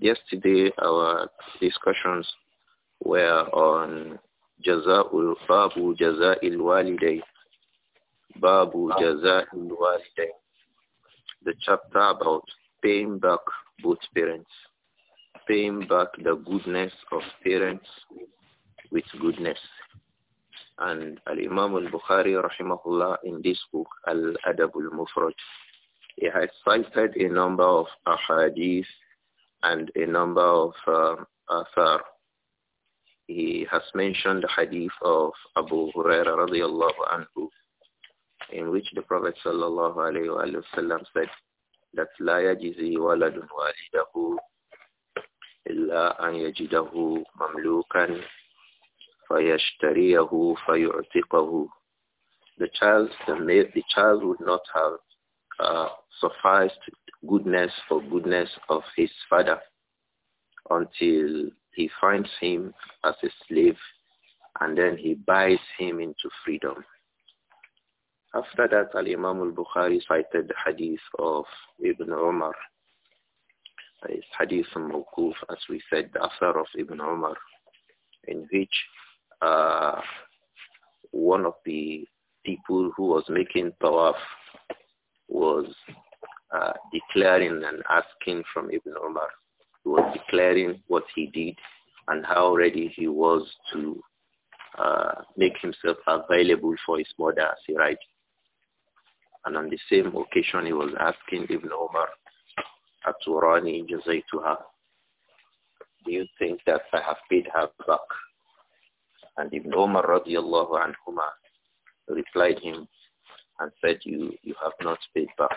yesterday our discussions were on Jaza'ul Babu Jaza'il Waliday. Babu Jaza'il Waliday. The chapter about paying back both parents. Paying back the goodness of parents with goodness. And Al-Imam al-Bukhari rahimahullah in this book, Al-Adab al-Mufraj, he has cited a number of ahadith and a number of uh, He has mentioned the hadith of Abu Huraira radiallahu anhu, in which the Prophet sallallahu alayhi wasallam said that لا يجزي ولد والده إلا أن يجده مملوكا فيشتريه فيعتقه. The child, the, the child would not have uh, sufficed goodness for goodness of his father until he finds him as a slave and then he buys him into freedom. After that, Al-Imam al-Bukhari cited the hadith of Ibn Umar. It's hadith mawkuf, as we said, the affair of Ibn Umar, in which uh, one of the people who was making tawaf was uh, declaring and asking from Ibn Umar. He was declaring what he did and how ready he was to uh, make himself available for his mother as he right. And on the same occasion, he was asking Ibn Umar, Aturani Jazaytuha, do you think that I have paid her back? And Ibn Umar radiallahu anhuma replied him, and said, you, you have not paid back.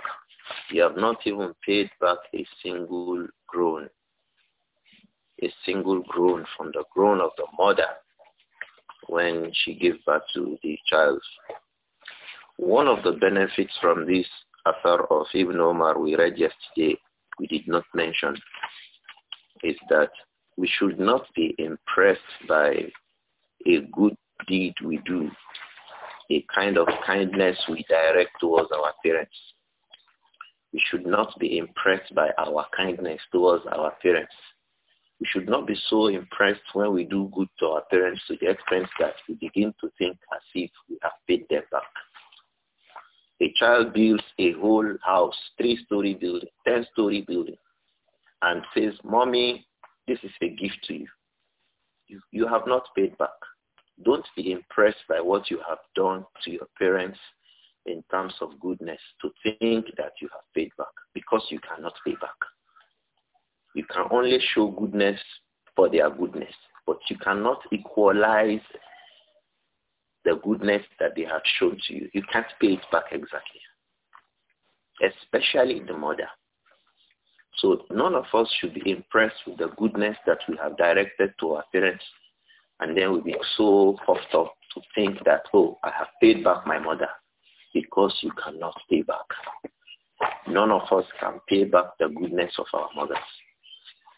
You have not even paid back a single groan, a single groan from the groan of the mother when she gave birth to the child. One of the benefits from this affair of Ibn Omar we read yesterday, we did not mention, is that we should not be impressed by a good deed we do a kind of kindness we direct towards our parents. We should not be impressed by our kindness towards our parents. We should not be so impressed when we do good to our parents to the extent that we begin to think as if we have paid them back. A child builds a whole house, three-story building, ten-story building, and says, Mommy, this is a gift to you. You, you have not paid back don't be impressed by what you have done to your parents in terms of goodness to think that you have paid back because you cannot pay back. You can only show goodness for their goodness, but you cannot equalize the goodness that they have shown to you. You can't pay it back exactly, especially the mother. So none of us should be impressed with the goodness that we have directed to our parents and then we will be so puffed up to think that, oh, I have paid back my mother because you cannot pay back. None of us can pay back the goodness of our mothers.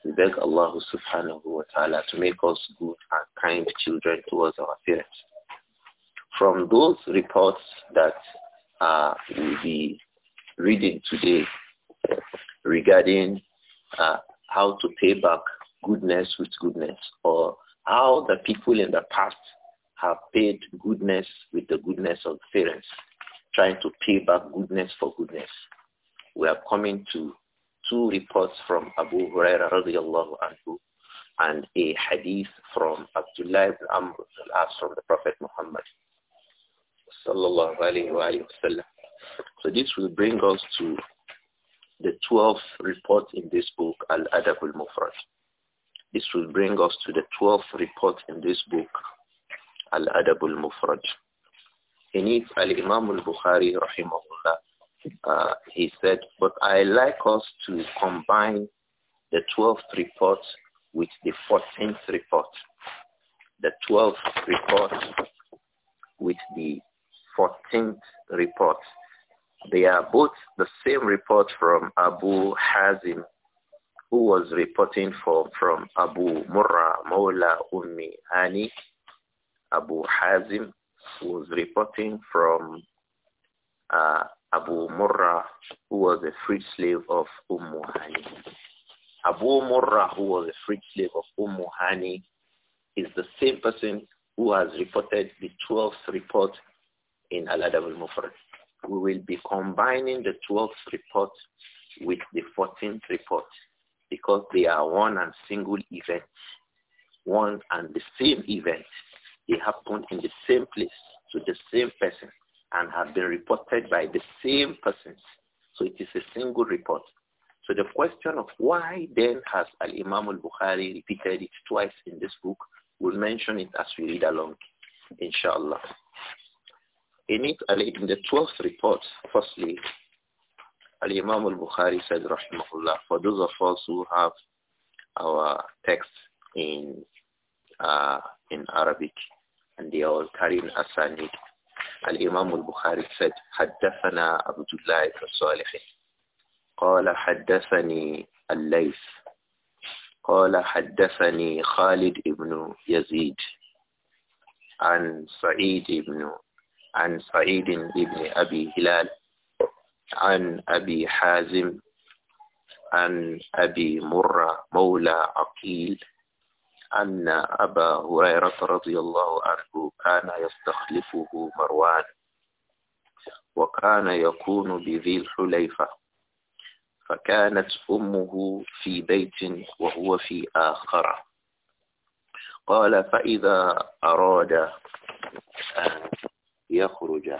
We beg Allah subhanahu wa ta'ala to make us good and kind children towards our parents. From those reports that uh, we'll be reading today regarding uh, how to pay back goodness with goodness or how the people in the past have paid goodness with the goodness of parents, trying to pay back goodness for goodness. We are coming to two reports from Abu Huraira radiallahu anhu and a hadith from Abdullah ibn Amr from the Prophet Muhammad sallallahu alayhi wa sallam. So this will bring us to the 12th report in this book, Al-Adab al-Mufrad. This will bring us to the 12th report in this book, Al-Adab al-Mufraj. In it, Al-Imam al-Bukhari, rahimahullah, uh, he said, but I like us to combine the 12th report with the 14th report. The 12th report with the 14th report. They are both the same report from Abu Hazim who was reporting for, from Abu Murrah Mawla Ummi Ani. Abu Hazim was reporting from uh, Abu Murrah, who was a freed slave of Ummu Hani. Abu Murrah, who was a freed slave of Ummu Hani, is the same person who has reported the 12th report in Al-Adab al We will be combining the 12th report with the 14th report because they are one and single event, one and the same event. They happened in the same place to the same person and have been reported by the same persons. So it is a single report. So the question of why then has Al-Imam al-Bukhari repeated it twice in this book, we'll mention it as we read along, inshallah. In it, in the 12th report, firstly, Al-Imam al-Bukhari said, rahimahullah, for those of us who have our text in uh, in Arabic, and they are carrying an asanid. Al-Imam bukhari said, حدثنا عبد الله بن صالح قال حدثني الليث قال حدثني خالد بن يزيد عن سعيد بن عن سعيد بن أبي هلال عن أبي حازم عن أبي مرة مولى عقيل أن أبا هريرة رضي الله عنه كان يستخلفه مروان وكان يكون بذي الحليفة فكانت أمه في بيت وهو في آخر قال فإذا أراد أن يخرج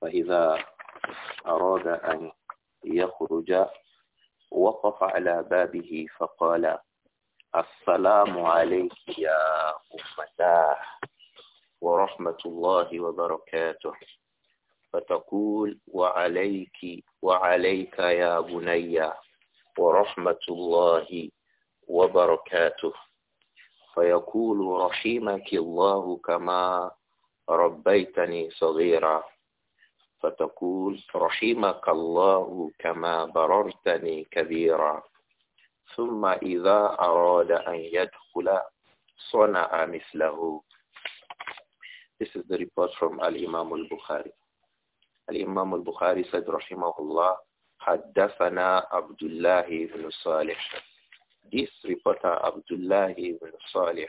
فإذا أراد أن يخرج وقف على بابه فقال السلام عليك يا أمتاه ورحمة الله وبركاته فتقول وعليك وعليك يا بني ورحمة الله وبركاته فيقول رحمك الله كما ربيتني صغيرا فتقول رحمك الله كما بررتني كبيرا ثم إذا أراد أن يدخل صنع مثله This is the report from Al-Imam al-Bukhari. Al-Imam al-Bukhari said, Rahimahullah, Haddafana Abdullah ibn Salih. This reporter, Abdullah ibn Salih,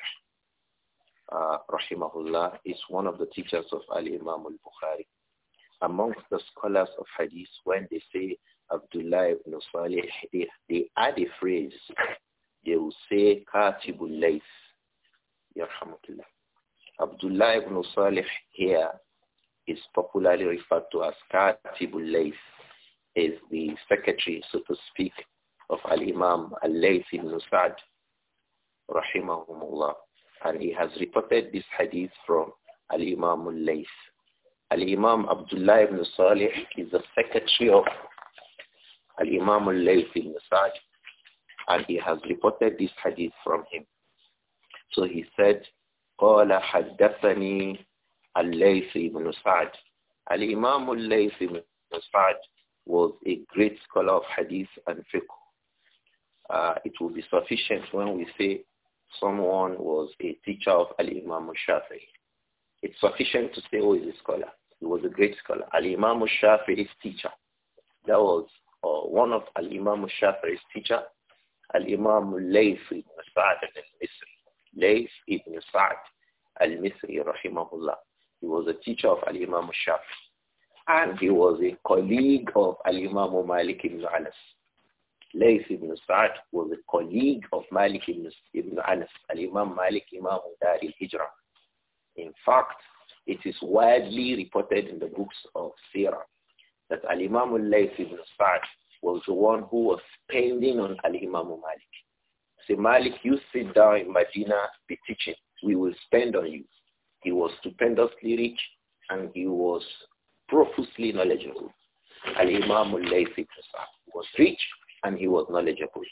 uh, Rahimahullah, is one of the teachers of Al-Imam al-Bukhari. amongst the scholars of hadith when they say Abdullah ibn Salih, they, they add a phrase. They will say Katibul Layth. Abdullah ibn Salih here is popularly referred to as Katibul Layth, is the secretary, so to speak, of Al-Imam Al-Layth ibn Sa'd, rahimahumullah. And he has reported this hadith from Al-Imam Al-Layth Al-Imam Abdullah ibn Salih is the secretary of Al-Imam al-Layth ibn Sa'd and he has reported this hadith from him. So he said, قال حدثني al-Layth ibn Sa'd. Al-Imam al-Layth ibn Sa'd was a great scholar of hadith and fiqh. Uh, it will be sufficient when we say someone was a teacher of Al-Imam al-Shafi'i. It's sufficient to say, oh, he's a scholar. He was a great scholar. Al-Imam al-Shafi'i's teacher. That was uh, one of Al-Imam al-Shafi'i's teacher, Al-Imam Layf ibn Sa'd al-Misri. Layth ibn Sa'd al-Misri, rahimahullah. He was a teacher of Al-Imam al-Shafi'i. And he was a colleague of Al-Imam Malik ibn Anas. Layth ibn Sa'd was a colleague of Malik ibn, Anas, Al-Imam Malik, Imam Dar al-Hijrah. In fact, it is widely reported in the books of Sirah that Al-Imam al-Layth ibn Sa'd was the one who was spending on Al-Imam Malik. Say, Malik, you sit down in Medina, be teaching. We will spend on you. He was stupendously rich and he was profusely knowledgeable. Al-Imam al-Layth ibn Sa'd was rich and he was knowledgeable.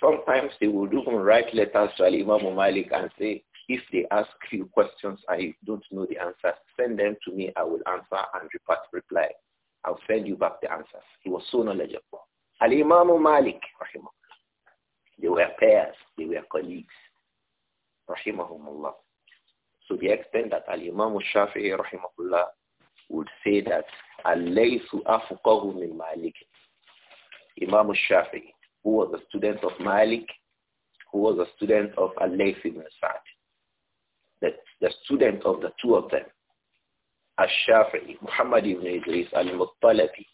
Sometimes they would even write letters to Al-Imam Malik and say, if they ask you questions and you don't know the answers, send them to me. I will answer and report reply. I'll send you back the answers. He was so knowledgeable. Al-Imam Malik, rahimahullah. They were pairs. They were colleagues. Rahimahumullah. So the extent that Al-Imam Shafi'i, rahimahullah, would say that Al-Laysu afuqahu min Malik. Imam Shafi'i, who was a student of Malik, who was a student of Al-Layth ibn Sa'd the, the student of the two of them, Ash-Shafi'i, Muhammad ibn Idris al-Muttalabi,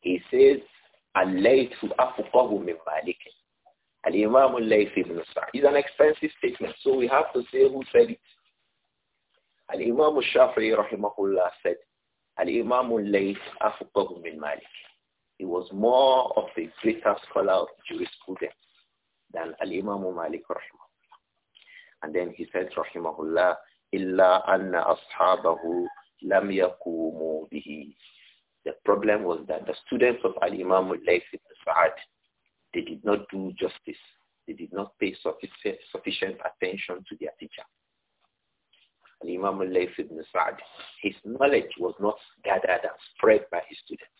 he says, Al-Laythu afuqahu min Malik. Al-Imam al-Layth ibn Sa'd. It's an expensive statement, so we have to say who said it. Al-Imam al-Shafi'i rahimahullah said, Al-Imam al-Layth afuqahu min Malik. He was more of a greater scholar of jurisprudence than Al-Imam Malik rahimahullah. And then he said, rahimahullah, illa anna ashabahu lam yakumu bihi. The problem was that the students of Al-Imam al-Layth ibn Sa'ad, they did not do justice. They did not pay sufficient attention to their teacher. Al-Imam al-Layth ibn Sa'ad, his knowledge was not gathered and spread by his students.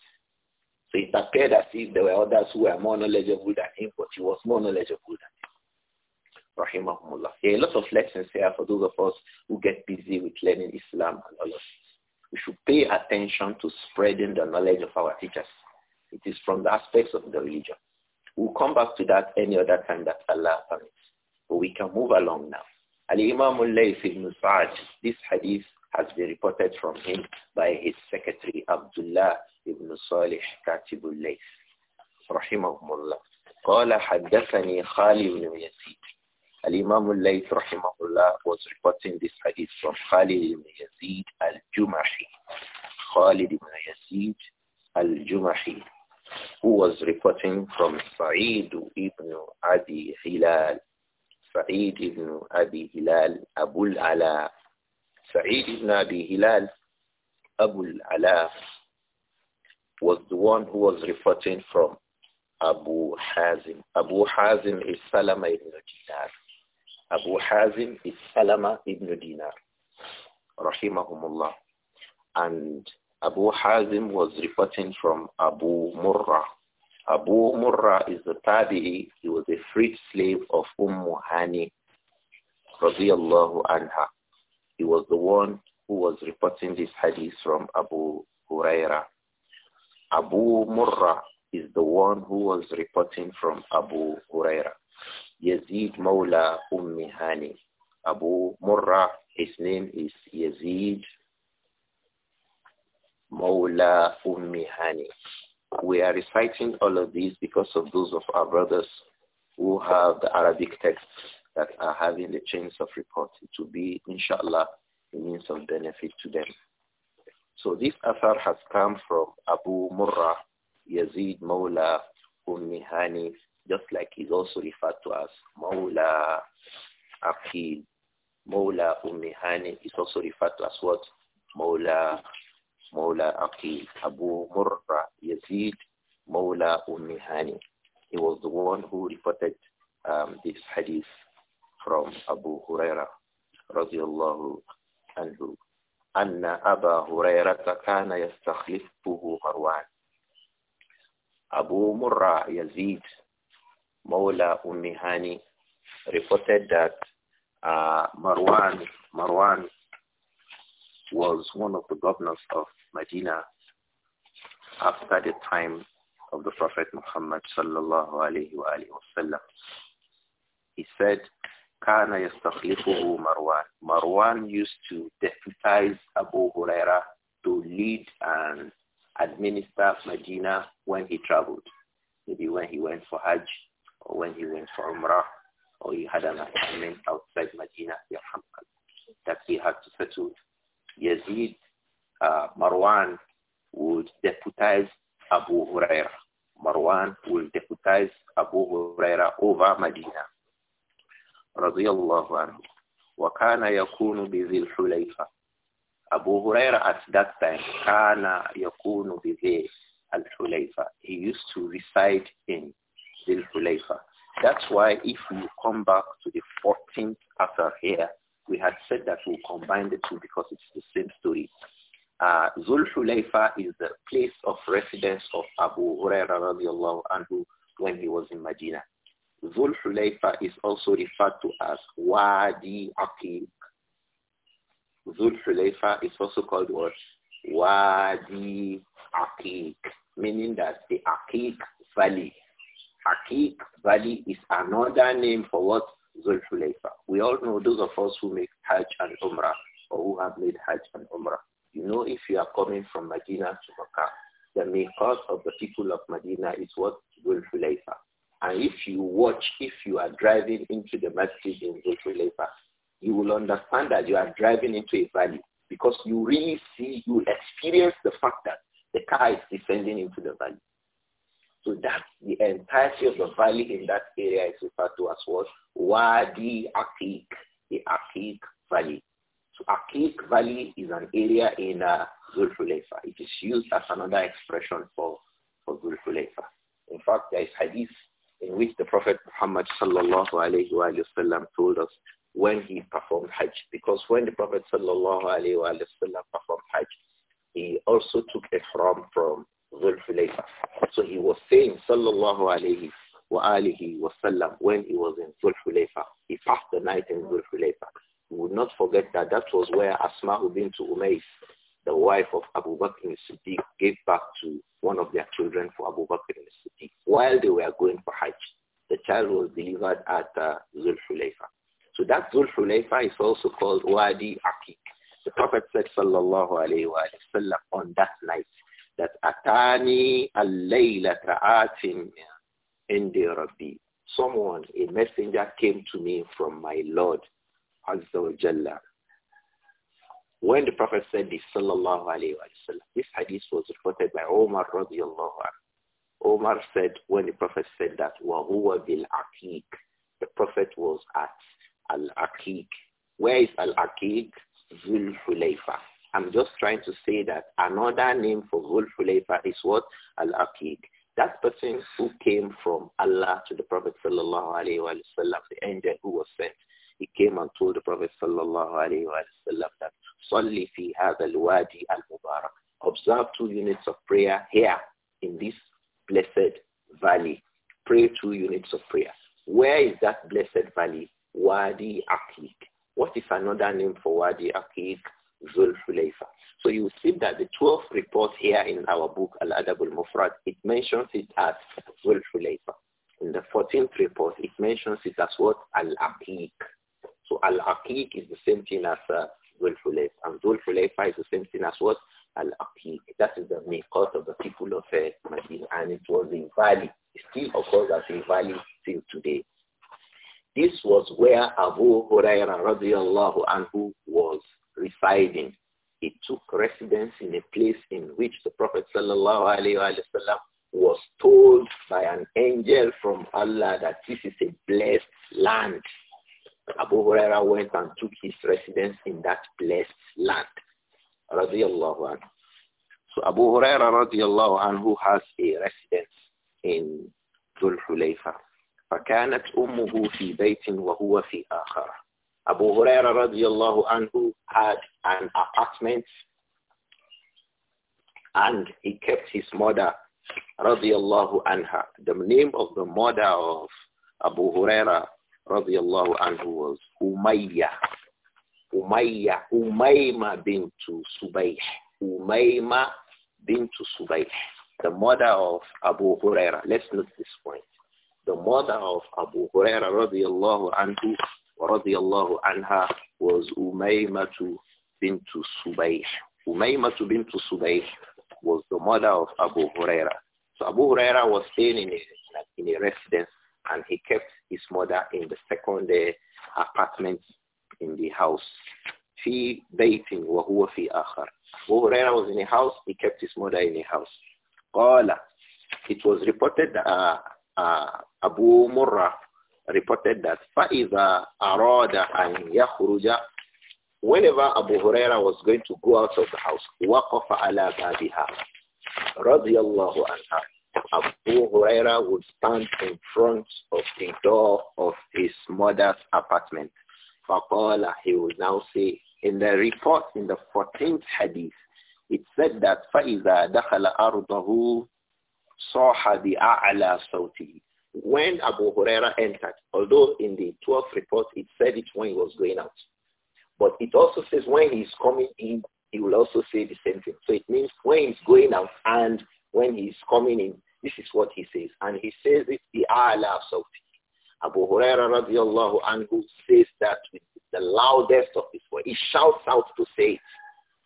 So it appeared as if there were others who were more knowledgeable than him, but he was more knowledgeable than him rahimahumullah. There are lots of lessons here for those of us who get busy with learning Islam and all of this. We should pay attention to spreading the knowledge of our teachers. It is from the aspects of the religion. We'll come back to that any other time that Allah permits. But we can move along now. Ali imam al-Layth ibn Sa'ad, this hadith has been reported from him by his secretary Abdullah ibn Salih Katib layth رحمهم الله قال حدثني خالد بن يزيد Al-Imam al-Layth was reporting this hadith from Khalid ibn Yazid al-Jumahi. Khalid ibn Yazid al-Jumahi, who was reporting from Sa'id ibn Abi Hilal. Sa'id ibn Abi Hilal, Abu al-Ala. Sa'id ibn Abi Hilal, Abu al-Ala, was the one who was reporting from Abu Hazim. Abu Hazim is Salama ibn Abu Hazim is Salama ibn Dinar, rahimahumullah. And Abu Hazim was reporting from Abu Murrah. Abu Murrah is the Tabi'i. He was a freed slave of Umm Hani, radiyallahu anha. He was the one who was reporting this hadith from Abu Huraira. Abu Murrah is the one who was reporting from Abu Huraira. Yazid Mawla Ummi Hani. Abu Murrah, his name is Yazid Mawla Ummi Hani. We are reciting all of these because of those of our brothers who have the Arabic texts that are having the chance of reporting to be, inshallah, a means of benefit to them. So this affair has come from Abu Murrah, Yazid Mawla Ummi Hani, just like he's also referred to as Mawla Aqil. Mawla Ummi Hani is also referred to as what? Mawla, Mawla Aqil. Abu Murra Yazid Mawla Ummi He was the one who reported um, this hadith from Abu Huraira radiallahu anhu. أن أبا هريرة كان يستخلفه مروان أبو مرة يزيد Mawla Ummi reported that uh, Marwan, Marwan was one of the governors of Medina after the time of the Prophet Muhammad sallallahu alaihi wa He said, "Kana يستخلفه Marwan. Marwan used to deputize Abu Huraira to lead and administer Medina when he traveled. Maybe when he went for Hajj, when he went for Umrah, or he had an assignment outside Medina, that he had to settle. Yazid uh, Marwan would deputize Abu Huraira. Marwan would deputize Abu Huraira over Medina. رضي الله عنه وكان يكون بذي الحليفة Abu Huraira at that time, Kana Yakunu He used to reside in zul That's why if we come back to the 14th after here, we had said that we'll combine the two because it's the same story. Uh, zul is the place of residence of Abu Hurairah radiallahu anhu when he was in Medina. Zul-Hulayfa is also referred to as Wadi Aqiq. Zul-Hulayfa is also called what? Wadi Aqiq, meaning that the Aqiq Valley Akik Valley is another name for what? Zulfulayfa. We all know those of us who make Hajj and Umrah or who have made Hajj and Umrah. You know if you are coming from Medina to Makkah, the miqat of the people of Medina is what? Zulfulayfa. And if you watch, if you are driving into the masjid in Zulfulayfa, you will understand that you are driving into a valley because you really see, you experience the fact that the car is descending into the valley. So that's the entirety of the valley in that area is referred to as what? Wadi Akik, the Akik Valley. So Akik Valley is an area in uh, Zulfulefa. It is used as another expression for, for Zulfulefa. In fact, there is hadith in which the Prophet Muhammad sallallahu alayhi wa sallam told us when he performed Hajj. Because when the Prophet sallallahu alayhi wa sallam performed Hajj, he also took ihram from Zulfilayfa. So he was saying, sallallahu alayhi wa alihi wa sallam, when he was in Zulfilayfa, he passed the night in Zulfilayfa. We would not forget that that was where Asma bint Umayyah, the wife of Abu Bakr al-Siddiq, gave back to one of their children for Abu Bakr al-Siddiq while they were going for Hajj. The child was delivered at uh, Zulhulayfa. So that Zulhulayfa is also called Wadi Akik. The Prophet said, sallallahu alayhi wa sallam, on that night, that Atani Alayla laylata atim rabbi. Someone, a messenger came to me from my Lord, Azza wa Jalla. When the Prophet said this, sallallahu this hadith was reported by Omar radiallahu anhu. Omar said, when the Prophet said that, وَهُوَ بِالْعَقِيقِ The Prophet was at Al-Aqiq. Where is Al-Aqiq? Zul I'm just trying to say that another name for Zulfulayfa is what? Al-Aqiq. That person who came from Allah to the Prophet sallallahu alayhi wa the angel who was sent, he came and told the Prophet sallallahu alayhi wa that Salli fi hadha al-wadi al-mubarak. Observe two units of prayer here in this blessed valley. Pray two units of prayer. Where is that blessed valley? Wadi Aqiq. What is another name for Wadi Aqiq? Zulhulayfa. So you see that the twelfth report here in our book, Al-Adab al-Mufrad, it mentions it as Zulhulayfa. In the 14th report, it mentions it as what? Al-Aqiq. So Al-Aqiq is the same thing as uh, And Zulhulayfa is the same thing as what? Al-Aqiq. That is the miqat of the people of uh, And it was in valley. It still occurs as a valley till today. This was where Abu Hurairah radiallahu anhu was residing. He took residence in a place in which the Prophet sallallahu was told by an angel from Allah that this is a blessed land. Abu Huraira went and took his residence in that blessed land. Radiallahu anhu. So Abu Huraira radiallahu anhu has a residence in Dhul Hulayfa. فكانت أمه في بيت وهو في آخر Abu Huraira radiallahu anhu had an apartment and he kept his mother radiallahu anha. The name of the mother of Abu Huraira radiallahu anhu was Umayya, Umayya, Umayma bint Subayh. Umayma bint Subayh. The mother of Abu Huraira. Let's note this point. The mother of Abu Huraira radiallahu anhu radiallahu anha was Umaymatu bint Subayh. Umaymatu bint Subayh was the mother of Abu Huraira. So Abu Huraira was staying in a, in a residence and he kept his mother in the second eh, apartment in the house. في بيت وهو في آخر. Abu Huraira was in a house, he kept his mother in a house. قال It was reported that uh, uh, Abu Murrah reported that فَإِذَا Arada أَنْ يَخْرُجَ Whenever Abu Huraira was going to go out of the house, وَقَفَ عَلَى بَابِهَا رَضِيَ اللَّهُ عَنْهَا Abu Huraira would stand in front of the door of his mother's apartment. فَقَالَ He would now say, in the report in the 14th hadith, it said that فَإِذَا دَخَلَ أَرْضَهُ صَاحَ بِأَعْلَى صَوْتِهِ when Abu Huraira entered, although in the 12th report it said it when he was going out. But it also says when he's coming in, he will also say the same thing. So it means when he's going out and when he's coming in, this is what he says. And he says it the Allah of Abu Huraira radiallahu anhu says that with the loudest of his voice. He shouts out to say it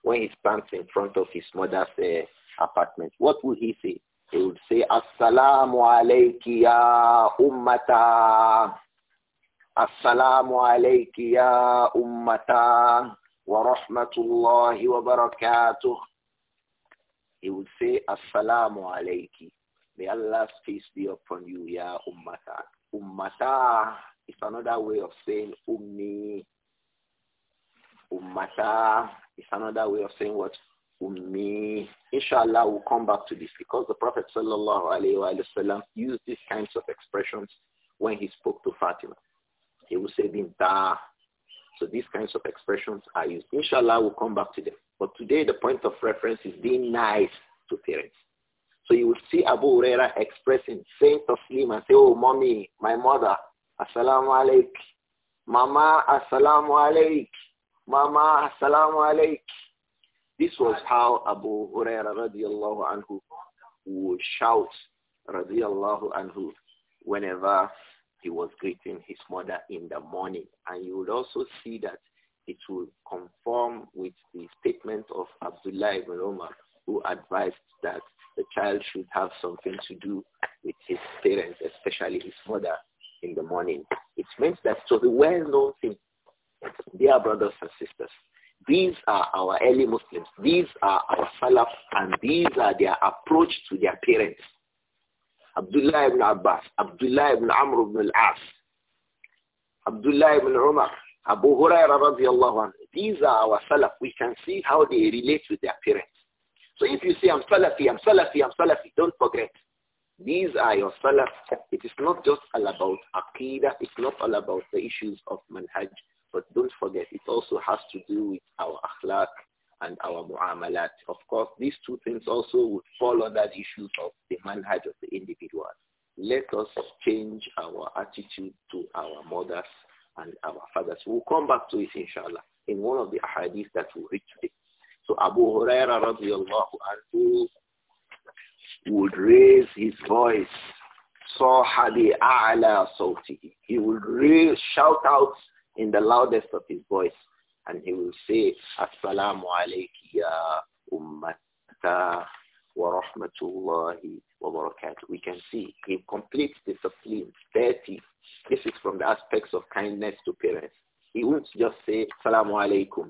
when he stands in front of his mother's uh, apartment. What will he say? He would say, Assalamu alayki ya ummata. Assalamu alayki ya ummata. Wa rahmatullahi wa barakatuh. He would say, Assalamu alayki. May Allah's peace be upon you, ya ummata. Ummata is another way of saying ummi. Ummata is another way of saying what? ummi. Inshallah, we'll come back to this because the Prophet sallallahu alayhi used these kinds of expressions when he spoke to Fatima. He would say binta. So these kinds of expressions are used. Inshallah, we'll come back to them. But today the point of reference is being nice to parents. So you will see Abu Huraira expressing, saying Taslim and say, oh, mommy, my mother, assalamu alaik. Mama, assalamu alaik. Mama, assalamu alaik. This was how Abu Hurairah radiallahu anhu would shout radiallahu anhu whenever he was greeting his mother in the morning. And you would also see that it would conform with the statement of Abdullah ibn Umar who advised that the child should have something to do with his parents, especially his mother, in the morning. It means that so the well-known thing, dear brothers and sisters, these are our early Muslims. These are our Salaf and these are their approach to their parents. Abdullah ibn Abbas, Abdullah ibn Amr ibn al-As, Abdullah ibn Umar, Abu Huraira radiallahu anhu. These are our Salaf. We can see how they relate with their parents. So if you say, I'm Salafi, I'm Salafi, I'm Salafi, don't forget. These are your Salaf. It is not just all about Aqidah. It's not all about the issues of Manhaj. But don't forget, it also has to do with our akhlaq and our mu'amalat. Of course, these two things also would fall under the issues of the manhaj of the individual. Let us change our attitude to our mothers and our fathers. We'll come back to it, inshallah, in one of the ahadith that we read today. So Abu Huraira radiallahu anhu would raise his voice. Sahabi a'la sawtihi. He would raise, shout out in the loudest of his voice and he will say, Assalamu alayki ya ummata wa rahmatullahi wa barakatuh. We can see he completes discipline, 30. This is from the aspects of kindness to parents. He won't just say, Assalamu alaikum.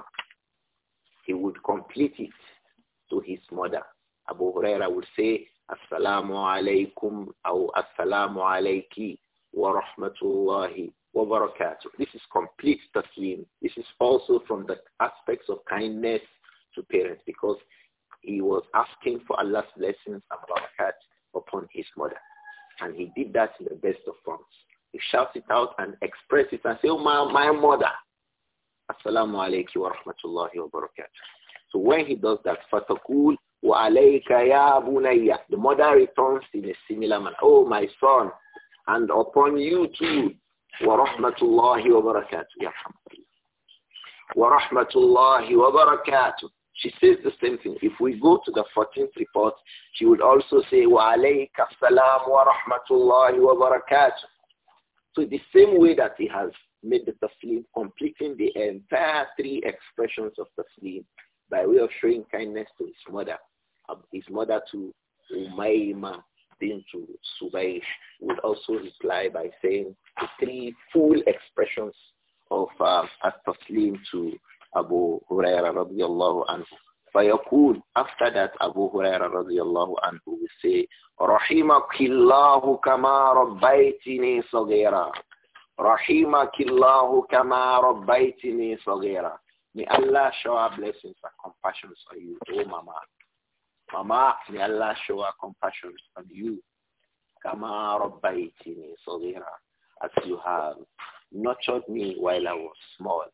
He would complete it to his mother. Abu Huraira would say, Assalamu alaikum or Assalamu alayki wa rahmatullahi وبركاته. This is complete taslim. This is also from the aspects of kindness to parents because he was asking for Allah's blessings and barakat upon his mother. And he did that in the best of forms. He shouts it out and expresses it and say, oh, my, my mother. Assalamu alaykum wa rahmatullahi wa barakatuh. So when he does that, fatakul wa alayka ya bunayya. The mother returns in a similar manner. Oh, my son. And upon you too, ورحمة الله وبركاته يا محمد ورحمة الله وبركاته She says the same thing. If we go to the 14th report, she would also say, وَعَلَيْكَ السَّلَامُ وَرَحْمَةُ اللَّهِ وَبَرَكَاتُهُ So the same way that he has made the taslim, completing the entire three expressions of taslim by way of showing kindness to his mother, his mother to Umayma, bintu Subayh would also reply by saying the three full expressions of um, at-taslim to Abu Huraira radiyallahu anhu. فيقول after that Abu Huraira رضي الله عنه will say رحمك الله كما ربيتني صغيرا رحمك الله كما ربيتني صغيرا May Allah shower blessings and compassion on you, oh Mama, Mama, may Allah show our compassion on you. Kama rabbaytini saghira. As you have nurtured me while I was small.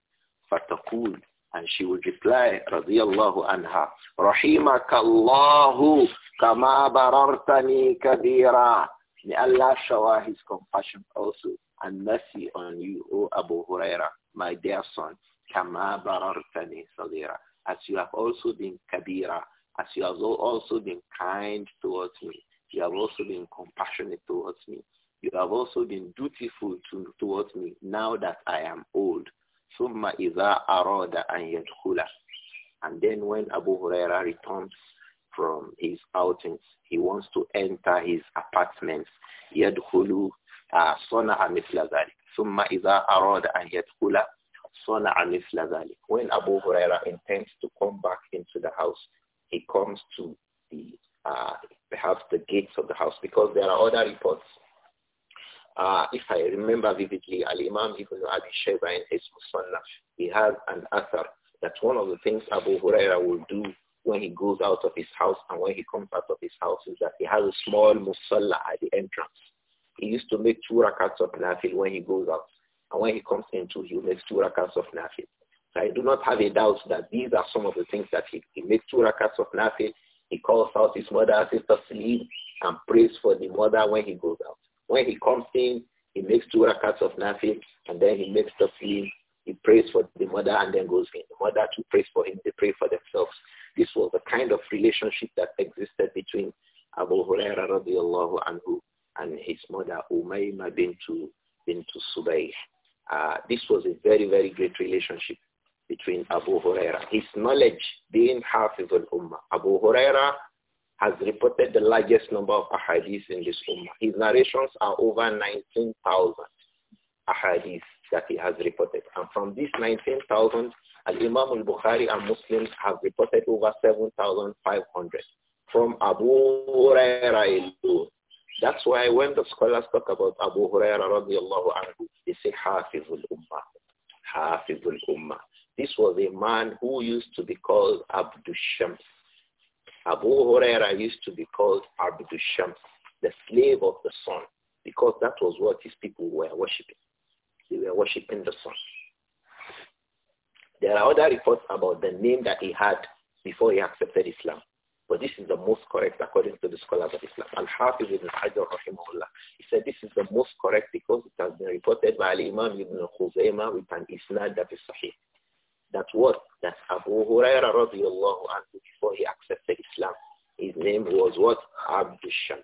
Fatakul. And she would reply, radiyallahu anha, rahimakallahu kama barartani kabira. May Allah shower his compassion also and mercy on you, O Abu Huraira, my dear son. Kama barartani saghira. As you have also been kabira as you have also been kind towards me. You have also been compassionate towards me. You have also been dutiful to, towards me now that I am old. summa إِذَا أَرَادَ And then when Abu Huraira returns from his outings, he wants to enter his apartments. يَدْخُلُ صَنَعَ مِثْلَ ذَلِكَ ثُمَّ إِذَا أَرَادَ أَنْ يَدْخُلَ صَنَعَ مِثْلَ ذَلِكَ When Abu Huraira intends to come back into the house, he comes to the uh, perhaps the gates of the house because there are other reports. Uh, if I remember vividly, Al-Imam Ibn Abi Shayba in his Musannaf, he has an author that one of the things Abu Huraira will do when he goes out of his house and when he comes out of his house is that he has a small musalla at the entrance. He used to make two rakats of nafil when he goes out. And when he comes into, he makes two rakats of nafil. I do not have a doubt that these are some of the things that he, he makes two rakats of nafil, He calls out his mother, sister sleep, and prays for the mother when he goes out. When he comes in, he makes two rakats of nafil, and then he makes the sleep. He prays for the mother and then goes in. The mother to prays for him. They pray for themselves. This was the kind of relationship that existed between Abu Huraira radiallahu anhu and his mother Umayma bintu, bintu Subayh. Uh, this was a very, very great relationship between Abu Huraira. His knowledge being Hafiz al-Ummah. Abu Huraira has reported the largest number of ahadith in this Ummah. His narrations are over 19,000 ahadith that he has reported. And from these 19,000, Al-Imam al-Bukhari and Muslims have reported over 7,500 from Abu Huraira alone. That's why when the scholars talk about Abu Huraira radiallahu anhu, they say Hafizul Ummah. Hafizul Ummah. This was a man who used to be called Abu Shams. Abu Huraira used to be called Abu Shams, the slave of the sun, because that was what his people were worshipping. They were worshipping the sun. There are other reports about the name that he had before he accepted Islam. But this is the most correct according to the scholars of Islam. Al-Hafiz ibn Hajar rahimahullah. He said this is the most correct because it has been reported by Al-Imam ibn Khuzaymah with an isnad that is sahih that what? That Abu Huraira radiallahu anhu before he accepted Islam. His name was what? Abdul Shams.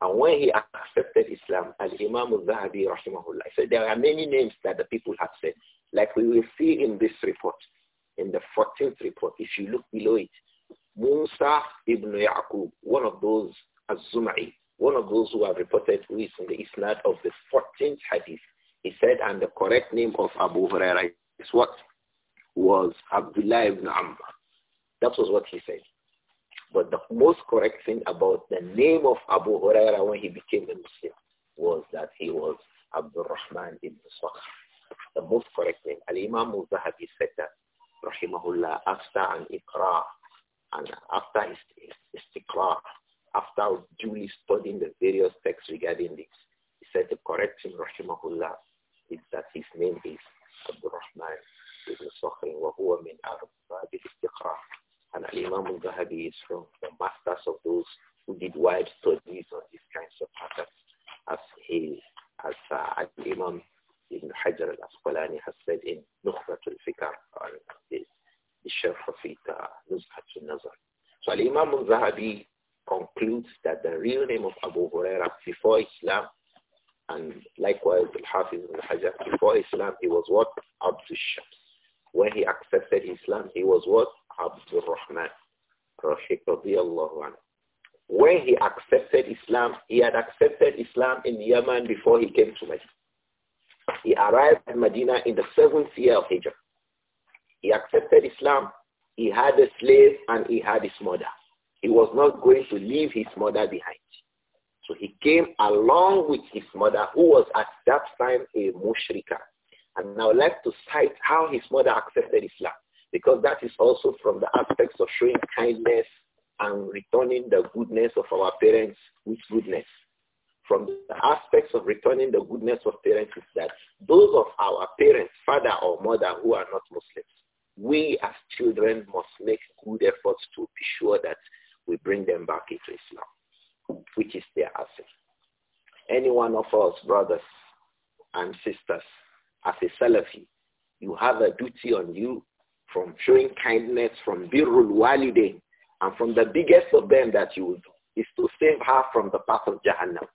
And when he accepted Islam, Al-Imam al-Zahabi rahimahullah said there are many names that the people have said. Like we will see in this report, in the 14th report, if you look below it, Musa ibn Yaqub, one of those Az-Zum'i, one of those who have reported who is in the Isnad of the 14th hadith. He said, and the correct name of Abu Huraira is what? was Abdullah ibn Amr. That was what he said. But the most correct thing about the name of Abu Huraira when he became a Muslim was that he was Abdul Rahman ibn Sakhr. The most correct name. Al-Imam al-Zahabi said that, Rahimahullah, after an Iqra, and after his, his after duly studying the various texts regarding this, he said the correct thing, Rahimahullah, is that his name is Abdul Rahman ibn Sakhin wa huwa al-istiqra'. Imam al-Zahabi is from the masters of those who did wide studies on these kinds of matters as he, as uh, Imam Ibn Hajar al-Asqalani has said in Nukhbatul Fikr or the Sharh of it, uh, Nuzhatul Nazar. So Imam al-Zahabi concludes that the real name of Abu Huraira before Islam and likewise the Al-Hafiz ibn Hajar before Islam he was what? Abdul Shams. When he accepted Islam, he was what? Abdul Rahman. Rashid When he accepted Islam, he had accepted Islam in Yemen before he came to Medina. He arrived in Medina in the seventh year of Hijrah. He accepted Islam. He had a slave and he had his mother. He was not going to leave his mother behind. So he came along with his mother, who was at that time a mushrikah. And I would like to cite how his mother accepted Islam, because that is also from the aspects of showing kindness and returning the goodness of our parents with goodness. From the aspects of returning the goodness of parents is that those of our parents, father or mother, who are not Muslims, we as children must make good efforts to be sure that we bring them back into Islam, which is their asset. Any one of us, brothers and sisters, as a Salafi, you have a duty on you from showing kindness, from birrul walidain, and from the biggest of them that you will do is to save her from the path of Jahannam.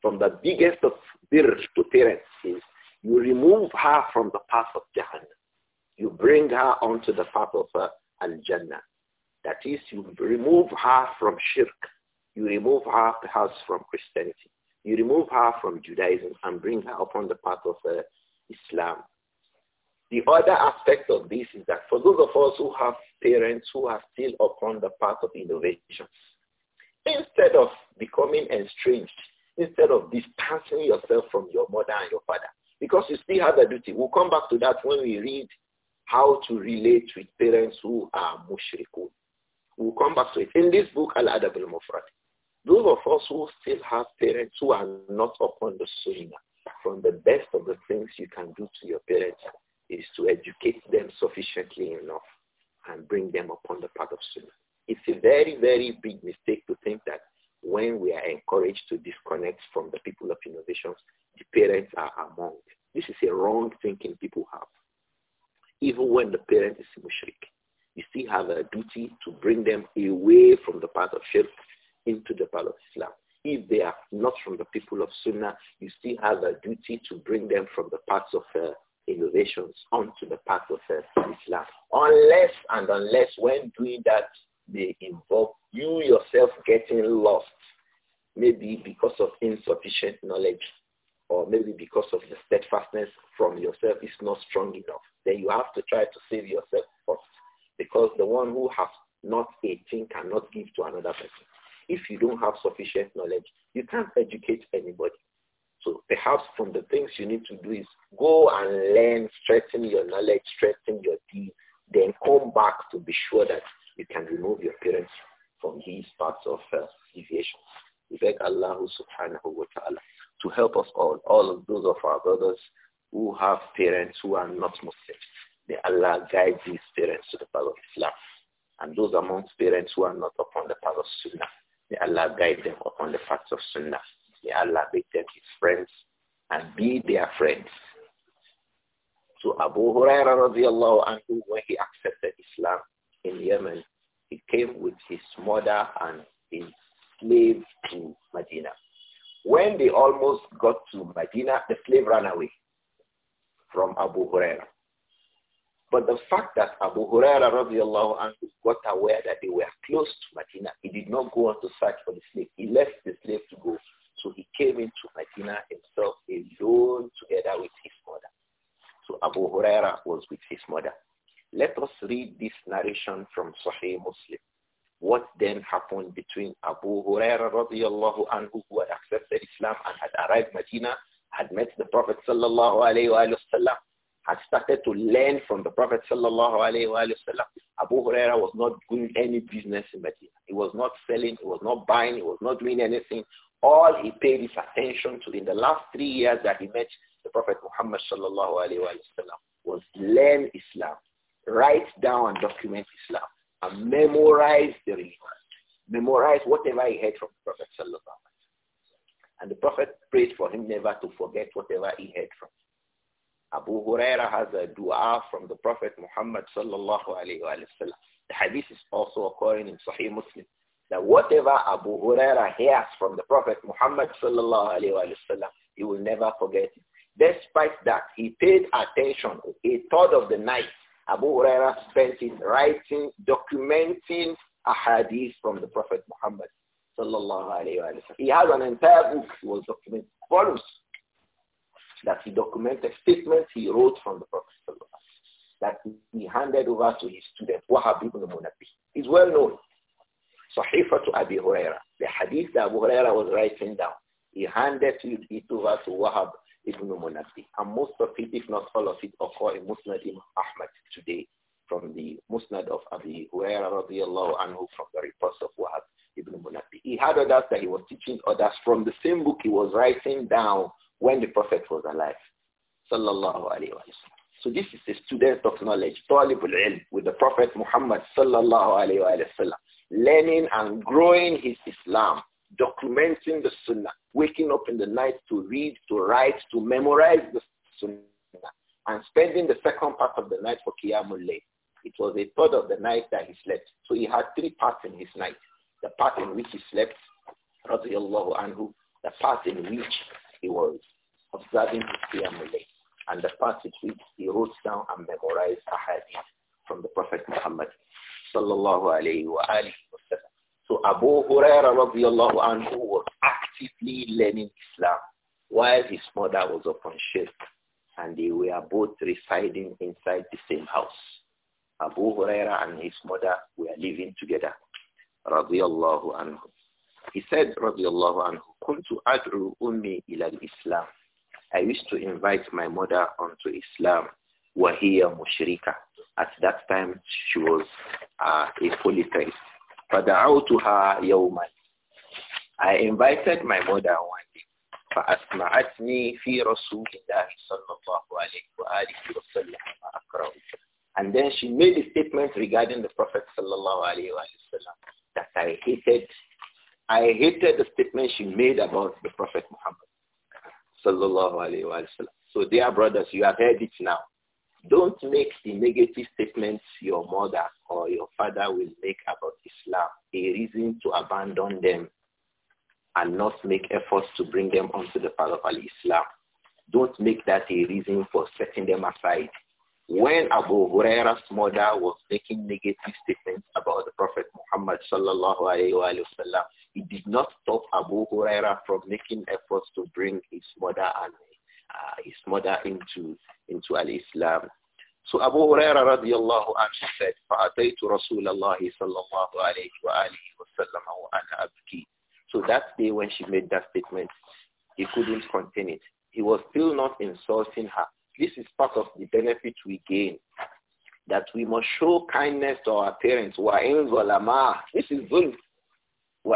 From the biggest of birr to parents is you remove her from the path of Jahannam. You bring her onto the path of uh, Al-Jannah. That is, you remove her from shirk. You remove her perhaps from Christianity. You remove her from Judaism and bring her upon the path of uh, Islam. The other aspect of this is that for those of us who have parents who are still upon the path of innovations, instead of becoming estranged, instead of distancing yourself from your mother and your father, because you still have a duty. We'll come back to that when we read how to relate with parents who are mushrikun. We'll come back to it. In this book, Al-Adab al-Mufrad, those of us who still have parents who are not upon the sunnah, from the best of the things you can do to your parents is to educate them sufficiently enough and bring them upon the path of sunnah. It's a very, very big mistake to think that when we are encouraged to disconnect from the people of innovations, the parents are among. This is a wrong thinking people have. Even when the parent is mushrik, you still have a duty to bring them away from the path of shirk into the path of Islam. If they are not from the people of Sunnah, you still have a duty to bring them from the paths of uh, innovations onto the path of uh, Islam. Unless and unless when doing that, they involve you yourself getting lost, maybe because of insufficient knowledge or maybe because of the steadfastness from yourself is not strong enough. Then you have to try to save yourself first because the one who has not a thing cannot give to another person. If you don't have sufficient knowledge, you can't educate anybody. So perhaps from the things you need to do is go and learn, strengthen your knowledge, strengthen your team, then come back to be sure that you can remove your parents from these parts of uh, deviation. We beg Allah subhanahu wa ta'ala to help us all, all of those of our brothers who have parents who are not Muslims. May Allah guide these parents to the path of Islam and those amongst parents who are not upon the path of Sunnah. May Allah guide them upon the path of Sunnah. May Allah make them his friends and be their friends. So Abu Huraira radiallahu anhu, when he accepted Islam in Yemen, he came with his mother and his slave to Medina. When they almost got to Medina, the slave ran away from Abu Huraira. But the fact that Abu Huraira radiallahu anhu got aware that they were close to Medina, he did not go on to search for the slave. He left the slave to go. So he came into Medina himself alone together with his mother. So Abu Huraira was with his mother. Let us read this narration from Sahih Muslim. What then happened between Abu Huraira radiallahu anhu who had accepted Islam and had arrived Medina, had met the Prophet sallallahu alayhi wa sallam, had started to learn from the Prophet sallallahu alaihi wasallam. Abu Huraira was not doing any business in Medina. He was not selling, he was not buying, he was not doing anything. All he paid his attention to in the last three years that he met the Prophet Muhammad sallallahu alaihi wasallam was learn Islam, write down and document Islam, and memorize the religion, memorize whatever he heard from the Prophet sallallahu alaihi wasallam. And the Prophet prayed for him never to forget whatever he heard from him. Abu Huraira has a dua from the Prophet Muhammad sallallahu alayhi wa sallam. The hadith is also occurring in Sahih Muslim. That whatever Abu Huraira hears from the Prophet Muhammad sallallahu alayhi wa sallam, he will never forget it. Despite that, he paid attention. A third of the night, Abu Huraira spent it writing, documenting a hadith from the Prophet Muhammad sallallahu alayhi wa sallam. He has an entire book, he was documenting, volumes that he documented statements he wrote from the Prophet that he handed over to his student, Wahab ibn Munabi. It's well known. Sahifa to Abi Huraira. The hadith that Abu Huraira was writing down, he handed it over to Wahab ibn Munabi. And most of it, if not all of it, occur in Musnad Imam Ahmad today from the Musnad of Abi Huraira radiallahu anhu from the reports of Wahab ibn Munabi. He had others that he was teaching others from the same book he was writing down when the Prophet was alive. Sallallahu alayhi wa So this is a student of knowledge, talibul ilm, with the Prophet Muhammad sallallahu alayhi wa sallam, learning and growing his Islam, documenting the sunnah, waking up in the night to read, to write, to memorize the sunnah, and spending the second part of the night for Qiyamul Layl. It was a third of the night that he slept. So he had three parts in his night. The part in which he slept, radiallahu anhu, the part in which he was observing his family and the passage which he wrote down and memorized from the Prophet Muhammad sallallahu alayhi wa wa So Abu Huraira radiallahu anhu was actively learning Islam while his mother was upon shift and they were both residing inside the same house. Abu Huraira and his mother were living together radiallahu anhu. He said radiallahu anhu, كنت أدعو أمي إلى الإسلام I used to invite my mother onto Islam, Wahia Mushrika. At that time, she was uh, a polytheist. فدعوتها يوما I invited my mother one day. فأسمعتني في رسول الله صلى الله عليه وآله وسلم وأكرم. And then she made a statement regarding the Prophet sallallahu alaihi wasallam that I hated. I hated the statement she made about the Prophet Muhammad sallallahu alayhi wa sallam. So dear brothers, you have heard it now. Don't make the negative statements your mother or your father will make about Islam a reason to abandon them and not make efforts to bring them onto the path of islam Don't make that a reason for setting them aside. When Abu Huraira's mother was making negative statements about the Prophet Muhammad sallallahu alayhi wa sallam, it did not stop Abu Huraira from making efforts to bring his mother and uh, his mother into into al-Islam. So Abu Huraira radiallahu anhu said, فَأَتَيْتُ رَسُولَ اللَّهِ صَلَّى اللَّهُ عَلَيْهِ وَآلِهِ وَسَلَّمَ وَأَنَا أَبْكِي So that day when she made that statement, he couldn't contain it. He was still not insulting her. This is part of the benefit we gain, that we must show kindness to our parents. This is zulm he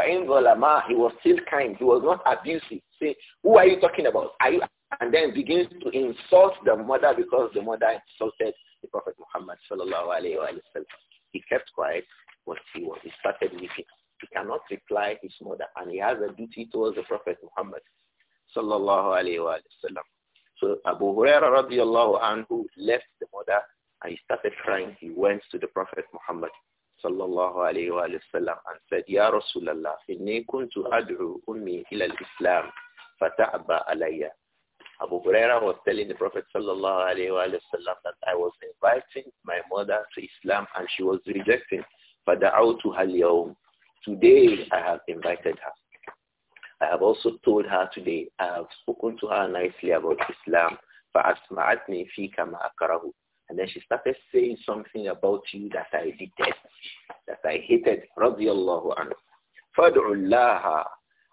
was still kind. He was not abusive. Say, who are you talking about? Are you? And then begins to insult the mother because the mother insulted the Prophet Muhammad sallallahu alayhi wa sallam. He kept quiet, but he, was, he started weeping. He cannot reply his mother, and he has a duty towards the Prophet Muhammad sallallahu alayhi wa sallam. So Abu Huraira radiallahu anhu left the mother and he started crying. He went to the Prophet Muhammad sallallahu alayhi wa sallam and said, Ya Rasulallah, inni kuntu ad'u ummi ila al-Islam fata'ba alayya. Abu Huraira was telling the Prophet sallallahu alayhi wa sallam that I was inviting my mother to Islam and she was rejecting. فَدَعَوْتُهَا الْيَوْمِ Today I have invited her. I have also told her today, I have spoken to her nicely about Islam. فَأَسْمَعَتْنِي فِيكَ مَا أَكَرَهُ and then she started saying something about you that I detest, that I hated. رضي الله عنه. فادعوا الله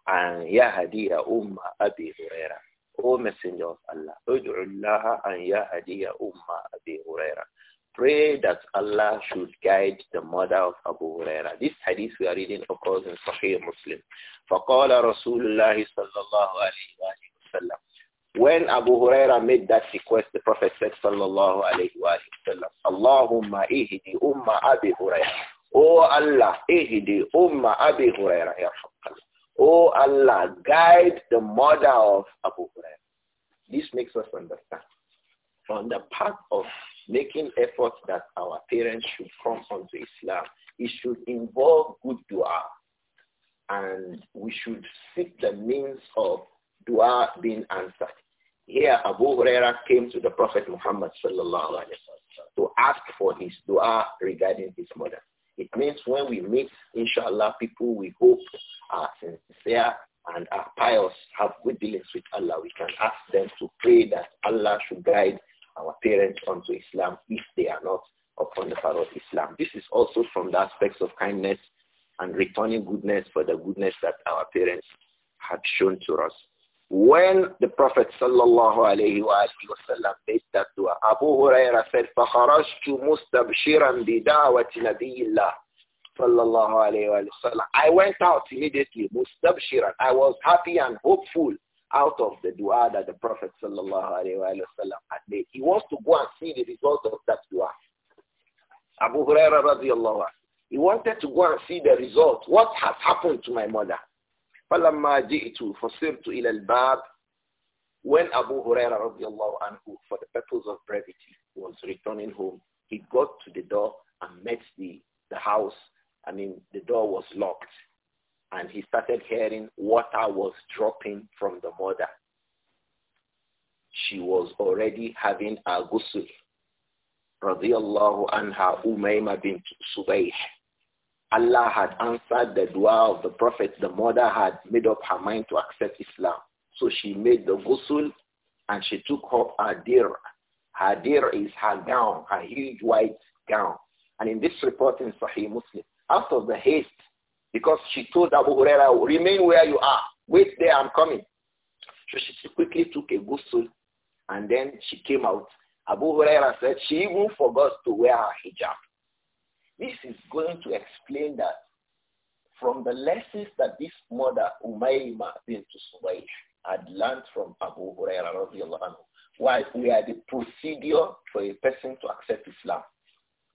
أن يهدي أم أبي هريرة. O Messenger of Allah, ادعوا الله أن يهدي أم أبي هريرة. Pray that Allah should guide the mother of Abu Huraira. This hadith we are reading occurs in Sahih Muslim. فقال رسول الله صلى الله عليه وسلم when Abu Huraira made that request, the Prophet said, Sallallahu Alaihi Allahumma ihdi umma Abi Huraira. Oh Allah, ihdi umma Abi Huraira. Oh Allah, guide the mother of Abu Huraira. This makes us understand. On the path of making efforts that our parents should come onto Islam, it should involve good dua. And we should seek the means of dua being answered. Here Abu Huraira came to the Prophet Muhammad sallallahu alayhi wa to ask for his dua regarding his mother. It means when we meet, inshallah, people we hope are sincere and are pious, have good dealings with Allah, we can ask them to pray that Allah should guide our parents onto Islam if they are not upon the path of Islam. This is also from the aspects of kindness and returning goodness for the goodness that our parents had shown to us. When the Prophet sallallahu alayhi wa sallam made that dua, Abu Huraira said, فَخَرَجْتُ مُسْتَبْشِرًا بِدَعْوَةِ نَبِيِّ اللَّهِ sallallahu alayhi wa sallam. I went out immediately, mustabshiran. I was happy and hopeful out of the dua that the Prophet sallallahu alayhi wa sallam had made. He wants to go and see the result of that dua. Abu Huraira radiallahu anh. He wanted to go and see the result. What has happened to my mother? فَلَمَّا جِئْتُ فَصِرْتُ إِلَى الْبَابِ When Abu Huraira radiallahu anhu, for the purpose of brevity, was returning home, he got to the door and met the, the house. I mean, the door was locked. And he started hearing water was dropping from the mother. She was already having a ghusl. Radiallahu anha Umayma bint Subayh Allah had answered the dua of the Prophet. The mother had made up her mind to accept Islam. So she made the ghusl and she took off her dir. Her dir is her gown, her huge white gown. And in this report in Sahih Muslim, out of the haste, because she told Abu Huraira, remain where you are. Wait there, I'm coming. So she quickly took a ghusl and then she came out. Abu Huraira said she even forgot to wear her hijab. This is going to explain that from the lessons that this mother, Umayma bint Subayh, had learned from Abu Hurairah anhu, was we are the procedure for a person to accept Islam.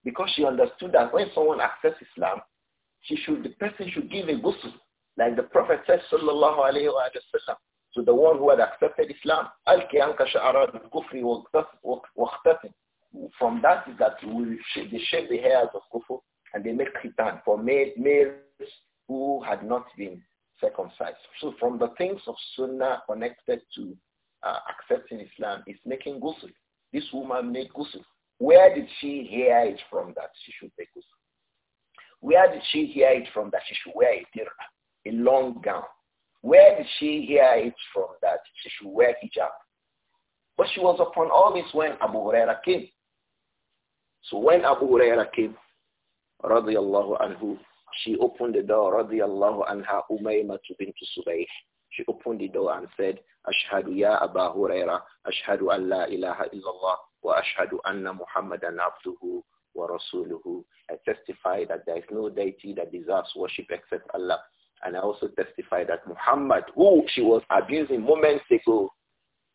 Because she understood that when someone accepts Islam, she should, the person should give a ghusl. Like the Prophet says, sallallahu alayhi wa sallam, to the one who had accepted Islam, al kufri waqtatin. From that is that we, they shave the hairs of Kufur and they make Kitan for males who had not been circumcised. So from the things of Sunnah connected to uh, accepting Islam is making ghusl. This woman made ghusl. Where did she hear it from that she should make ghusl? Where did she hear it from that she should wear a dirha, a long gown? Where did she hear it from that she should wear hijab? But she was upon all this when Abu Huraira came. So when Abu Huraira came, radiallahu anhu, she opened the door, radiallahu anha, Umayma bint Subayh. She opened the door and said, Ashhadu ya Abu Huraira, Ashhadu an la ilaha illallah, wa ashhadu anna Muhammadan abduhu wa rasuluhu. I testify that there is no deity that deserves worship except Allah. And I also testify that Muhammad, who she was abusing moments ago,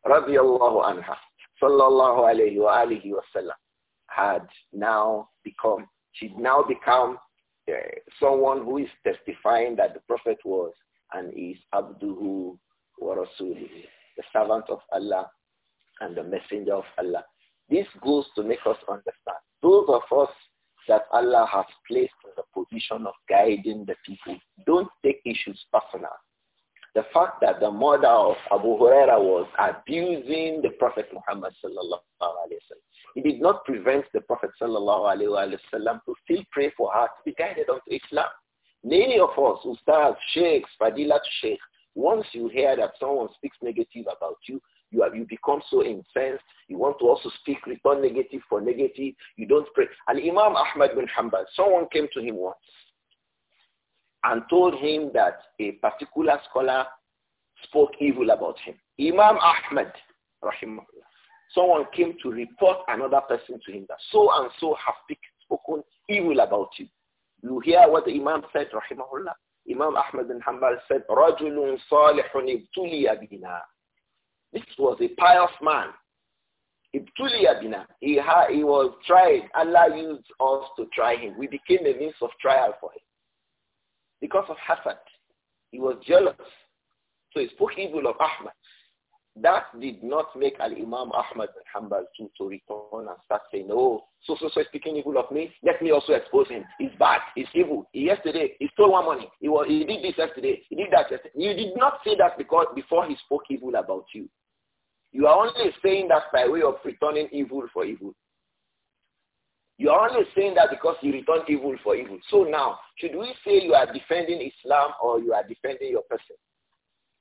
radiallahu anha, sallallahu alayhi wa alihi wa sallam, had now become, she'd now become uh, someone who is testifying that the Prophet was and is Abduhu wa Rasuluhu, the servant of Allah and the messenger of Allah. This goes to make us understand. Those of us that Allah has placed in the position of guiding the people, don't take issues personal. The fact that the mother of Abu Huraira was abusing the Prophet Muhammad sallallahu alaihi wasallam, it did not prevent the Prophet sallallahu alaihi wasallam to still pray for her to be guided onto Islam. Many of us, ustaz, sheikhs, fadilat sheikh, once you hear that someone speaks negative about you, you, have, you become so incensed. You want to also speak, return negative for negative. You don't pray. And Imam Ahmad bin Hanbal, someone came to him once and told him that a particular scholar spoke evil about him. Imam Ahmad, rahimahullah, someone came to report another person to him that so and so have spoken evil about you. You hear what the Imam said, rahimahullah. Imam Ahmad bin Hanbal said, "Rajulun salihun ابْتُلِيَ This was a pious man. Ibtuliya bina. He, ha- he was tried. Allah used us to try him. We became a means of trial for him. Because of hasad. He was jealous. So he spoke evil of Ahmad. That did not make Al-Imam Ahmad bin Hanbal to, to return and start saying, oh, so, so, so speaking evil of me. Let me also expose him. He's bad. He's evil. He, yesterday, he stole one money. He, was, he did this yesterday. He did that yesterday. You did not say that because before he spoke evil about you. You are only saying that by way of returning evil for evil. You are only saying that because you return evil for evil. So now, should we say you are defending Islam or you are defending your person?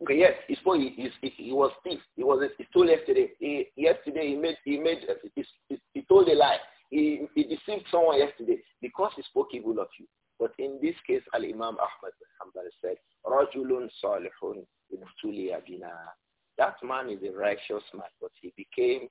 Okay, yes, he, spoke, he, he, he was thief. He was he stole yesterday. He, yesterday he made he made he, he, he told a lie. He, he deceived someone yesterday because he spoke evil of you. But in this case, Al Imam Ahmad Hanbal said, "Rajulun salihun bina." That man is a righteous man, but he became.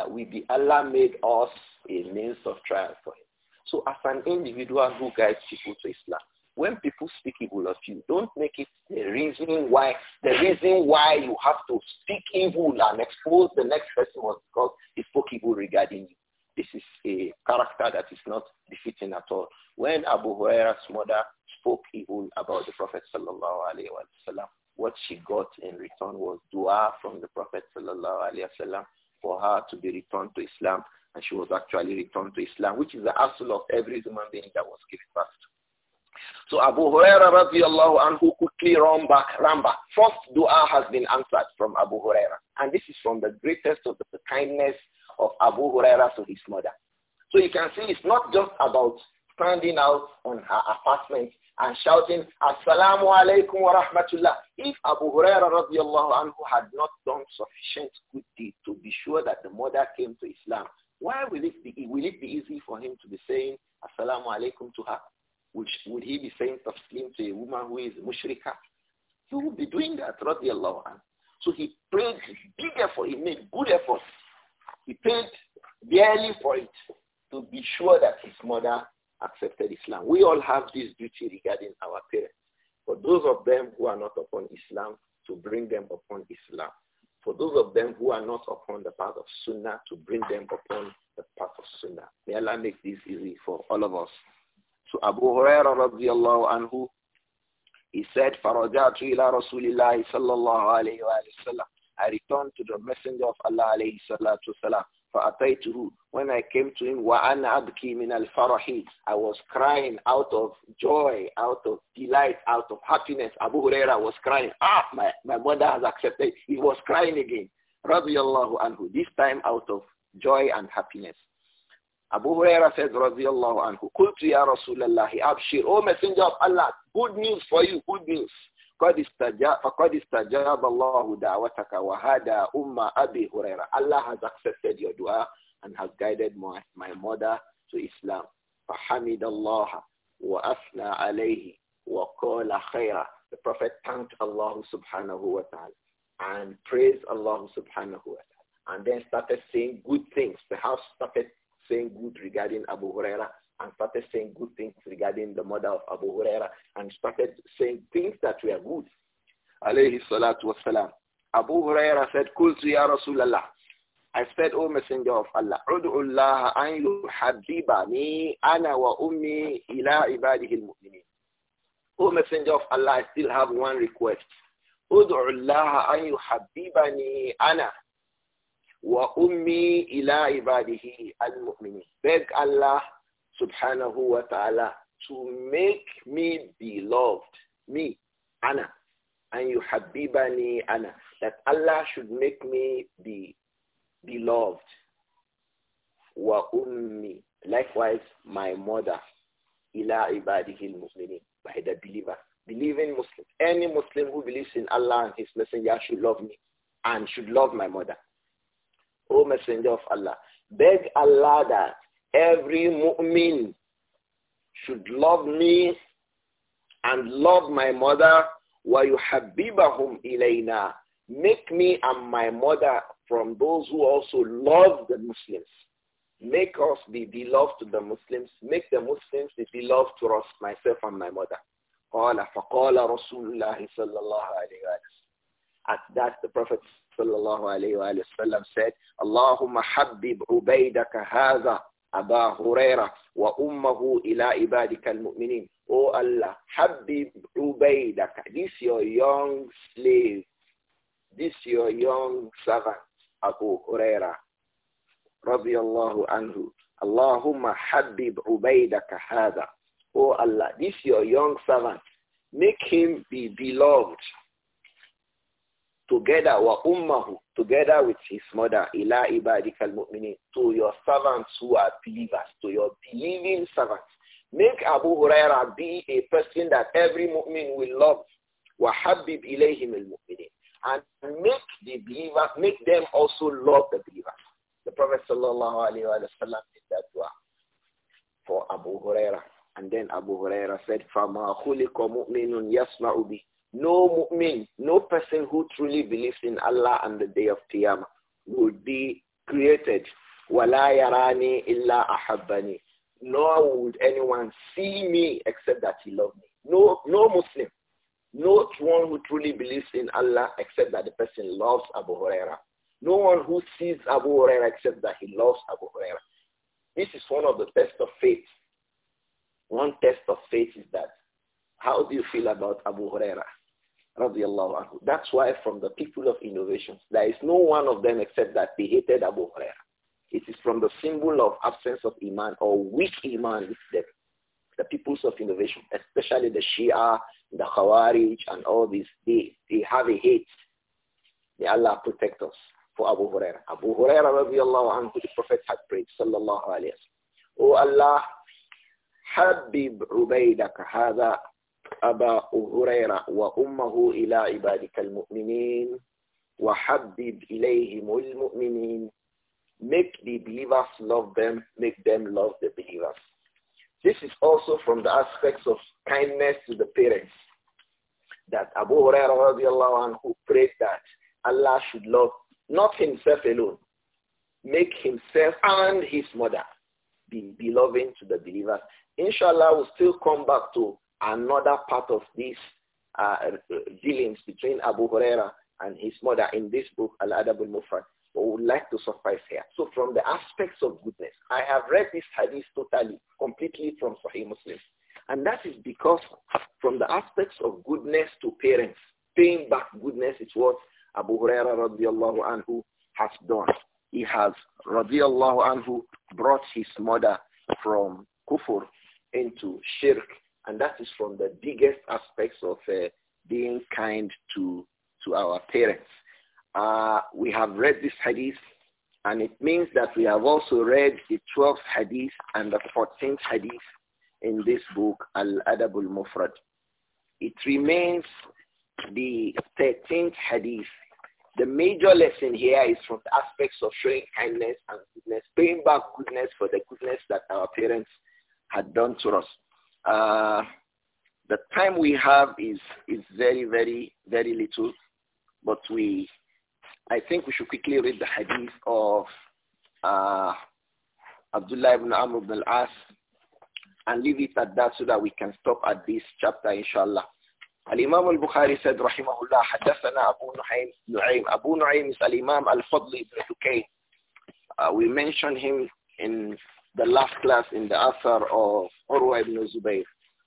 Uh, we be Allah made us a means of trial for him. So as an individual who guides people to Islam, when people speak evil of you, don't make it the reason why the reason why you have to speak evil and expose the next person was because he spoke evil regarding you. This is a character that is not befitting at all. When Abu Huraira's mother spoke evil about the Prophet sallallahu alaihi wasallam, what she got in return was dua from the Prophet sallallahu alaihi wasallam for her to be returned to Islam, and she was actually returned to Islam, which is the absolute of every human being that was given birth to. So Abu Huraira radiallahu anhu quickly ran back, ran back. First dua has been answered from Abu Huraira. And this is from the greatest of the kindness of Abu Huraira to his mother. So you can see it's not just about standing out on her apartment and shouting, Assalamu alaikum wa rahmatullah. If Abu Huraira radiallahu anhu had not done sufficient good deed to be sure that the mother came to Islam, why will it be, will it be easy for him to be saying, Assalamu alaikum to her? Which, would he be saying taslim to a woman who is mushrika? He would be doing that, radiallahu anhu. So he prayed big effort, he made good effort. He paid dearly for it to be sure that his mother accepted Islam. We all have this duty regarding our parents. For those of them who are not upon Islam, to bring them upon Islam. For those of them who are not upon the path of Sunnah, to bring them upon the path of Sunnah. May Allah make this easy for all of us. To Abu Huraira radiallahu anhu, he said, فَرَجَعْتُ إِلَىٰ رَسُولِ اللَّهِ صَلَّى اللَّهُ عَلَيْهِ وَسَلَّمَ I returned to the messenger of Allah alayhi salatu wasalam. فَأَتَيْتُهُ When I came to him, وَأَنَا أَبْكِي مِنَ الْفَرَحِ I was crying out of joy, out of delight, out of happiness. Abu Huraira was crying. Ah, my, my mother has accepted. He was crying again. رَضِيَ اللَّهُ عَنْهُ This time out of joy and happiness. Abu Huraira says, Radiallahu anhu, Kultu ya Rasulallah, Abshir, O Messenger of Allah, good news for you, good news. قد استجاب فقد استجاب الله دعوتك وهذا أم أبي هريرة Allah has accepted your dua and has guided my, my mother to Islam فحمد الله وأثنى عليه وقال خيرا The Prophet thanked Allah subhanahu wa ta'ala and praised Allah subhanahu wa ta'ala and then started saying good things. The house started saying good regarding Abu Huraira and started saying good things regarding the mother of Abu Huraira and started saying things that were good. Alayhi salatu wasalam. Abu Huraira said, Kultu ya Rasulallah. I said, O Messenger of Allah, Udu'u Allah an yuhabibani ana wa ummi ila ibadihi al-mu'minin. O Messenger of Allah, I still have one request. Udu'u Allah an yuhabibani ana Wa ummi ila ibadihi al-mu'minin. Beg Allah subhanahu wa ta'ala to make me beloved, me, Anna, and you habibani Anna, that Allah should make me be beloved. Wa ummi, likewise my mother, ila ibadihi al-mu'minin, by the believer. Believing Muslim, any Muslim who believes in Allah and His Messenger should love me and should love my mother. O Messenger of Allah, beg Allah that every mu'min should love me and love my mother وَيُحَبِّبَهُمْ إِلَيْنَا Make me and my mother from those who also love the Muslims. Make us be beloved to the Muslims. Make the Muslims be beloved to us, myself and my mother. قال فقال رسول الله صلى الله عليه وسلم At that the Prophet sallallahu alayhi wa, alayhi wa sallam, said, Allahumma habib ubaidaka haza Aba Huraira wa ummahu ila ibadika al-mu'minin. O oh Allah, habib ubaidaka. this your young slave, this your young servant, Abu Huraira, radiyallahu anhu. Allahumma habib ubaidaka haza. O Allah, this your young servant, make him be beloved together wa ummahu, together with his mother, ila ibadikal mu'minin, to your servants who are believers, to your believing servants. Make Abu Huraira be a person that every mu'min will love. وَحَبِّبْ إِلَيْهِمْ mu'minin, And make the believers, make them also love the believers. The Prophet sallallahu alaihi wa sallam did that dua for Abu Huraira. And then Abu Huraira said, فَمَا خُلِقَ مُؤْمِنٌ يَسْمَعُ بِهِ no mu'min, no person who truly believes in Allah and the day of Qiyamah would be created. وَلَا يَرَانِي إِلَّا أَحَبَّنِي Nor would anyone see me except that he loved me. No, no Muslim, not one who truly believes in Allah except that the person loves Abu Huraira. No one who sees Abu Huraira except that he loves Abu Huraira. This is one of the tests of faith. One test of faith is that how do you feel about Abu Huraira? radiallahu anhu. That's why from the people of innovations, there is no one of them except that they hated Abu Huraira. It is from the symbol of absence of iman or weak iman that The peoples of innovation, especially the Shia, the Khawarij, and all these, they, they have a hate. May Allah protect us for Abu Huraira. Abu Huraira, radiallahu anhu, the Prophet had prayed, sallallahu alayhi wa sallam. Oh Allah, Habib Ubaidaka hada أبا هريرة وأمه إلى عبادك المؤمنين وحبب إليهم المؤمنين Make the believers love them, make them love the believers. This is also from the aspects of kindness to the parents. That Abu Hurairah who prayed that Allah should love not himself alone, make himself and his mother be, be loving to the believers. Inshallah, we'll still come back to another part of these uh, dealings between Abu Huraira and his mother in this book, Al-Adab al-Mufrad. But we would like to suffice here. So from the aspects of goodness, I have read this hadith totally, completely from Sahih Muslim. And that is because from the aspects of goodness to parents, paying back goodness is what Abu Huraira radiallahu anhu has done. He has radiallahu anhu brought his mother from kufur into shirk and that is from the biggest aspects of uh, being kind to, to our parents. Uh, we have read this hadith and it means that we have also read the 12th hadith and the 14th hadith in this book, Al-Adabul Mufrad. It remains the 13th hadith. The major lesson here is from the aspects of showing kindness and goodness, paying back goodness for the goodness that our parents had done to us. Uh, the time we have is, is very, very, very little, but we, I think we should quickly read the hadith of uh, Abdullah ibn Amr ibn al-As and leave it at that so that we can stop at this chapter, inshallah. الإمام البخاري سيد رحمه الله حدثنا أبو نعيم نعيم أبو نعيم is الإمام الفضل بن حكيم uh, we mentioned him in the last class in the Asar of Urwa ibn Zubayr.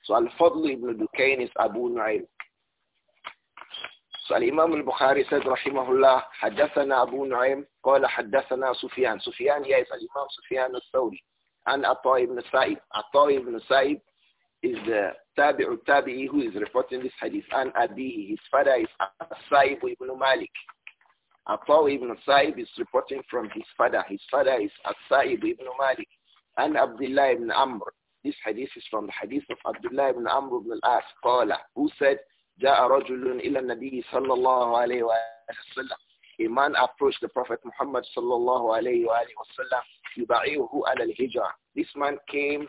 So Al-Fadl ibn Dukayn is Abu Nu'aym. So Al-Imam al-Bukhari said, Rahimahullah, حدثنا أبو نعيم قال حدثنا Sufyan." Sufyan here is Al-Imam Sufyan al-Thawri. And Atta ibn Saib. Atta ibn Saib is the tabi' al-tabi'i Tabi'i who is reporting this hadith. And Abihi, his father is Sa'ib ibn Malik. Atta ibn Sa'ib is reporting from his father. His father is Sa'ib ibn Malik. And Abdullah ibn Amr. This hadith is from the hadith of Abdullah ibn Amr ibn al-As, Qala, who said, جاء رجل إلى النبي صلى الله عليه وسلم a man approached the Prophet Muhammad sallallahu alayhi wa alayhi wa sallam, This man came